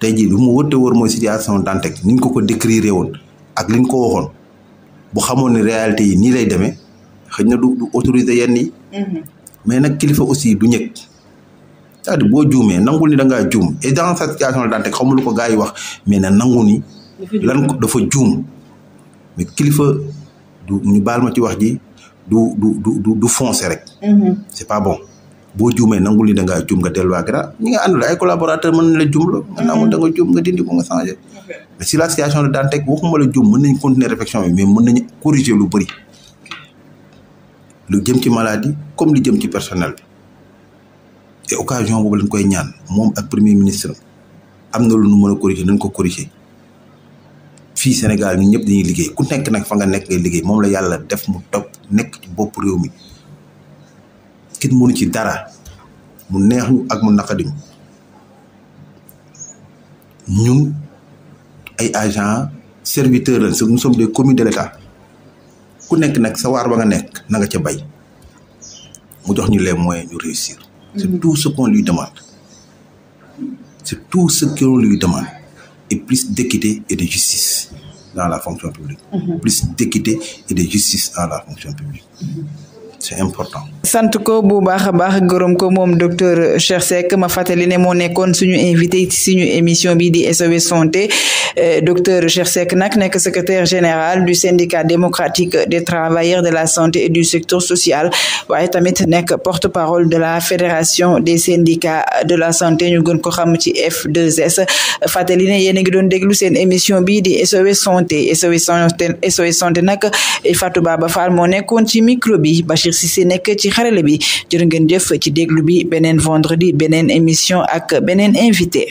B: te jii lu mu wër te wër mooy situation Dantec ni ñu ko ko décrire woon ak li ñu ko waxoon bu xamoon ne réalité yi nii lay demee xëy na du autorisé autoriser yenn mm-hmm. kilifa aussi du ñëkk. cest boo juumee nangul ni da ngaa juum dans cette situation la daan lu ko gars yi wax mais na nangu ni. lan ko dafa juum. kilifa du ñu baal ma ci wax ji du du du du du foncer rek. Mm-hmm. c'est pas bon boo juumee nangul ni danga ngaa juum nga delluwaat gannaaw ñi nga àndul ay collaborateur mën na la juum la. nga nangul mm-hmm. da nga juum nga dindi ko nga changé. si la situation la daan teg waxuma la juum mën nañ continuer réflexion bi mais mën nañu corriger lu bëri. lu jëm ci maladie comme lu jëm ci personnel bi. et occasion boobu lañ koy ñaan moom ak premier ministre am na lu nu mën a corriger nañ ko corriger fii Sénégal ñun ñëpp dañuy liggéey ku nekk nag fa nga nekk ngay liggéey moom la yàlla def mu topp nekk ci bopp réew mi kit mënu ci dara mu neex ñu ak mu naqadim ñun ay agent serviteur lañ nous sommes de commune de l'État ku nekk nag sa war ba nga nekk na nga ca bay mu jox ñu les moyens ñu réussir C'est tout ce qu'on lui demande. C'est tout ce qu'on lui demande. Et plus d'équité et de justice dans la fonction publique. Mm-hmm. Plus d'équité et de justice dans la fonction publique. Mm-hmm. c'est important.
A: sant ko bu baax a baax gërëm ko moom docteur Cheikh Seck ma fàttali moo nekkoon suñu invité suñu émission bi di SOS santé euh, docteur Cheikh Seck nag nekk secrétaire général du syndicat démocratique des travailleurs de la santé et du social waaye tamit nekk porte-parole de la fédération des syndicats de la santé ñu gën ko xam ci F2S fàttali ne yéen a ngi doon déglu seen émission bi di SOS santé SOS santé SOS santé Baba Fall moo nekkoon ci micro bi Bachir Cissé nekk ci xarale bi jërë ngeen jëf ci déglu bi beneen vendredi beneen émission ak beneen invité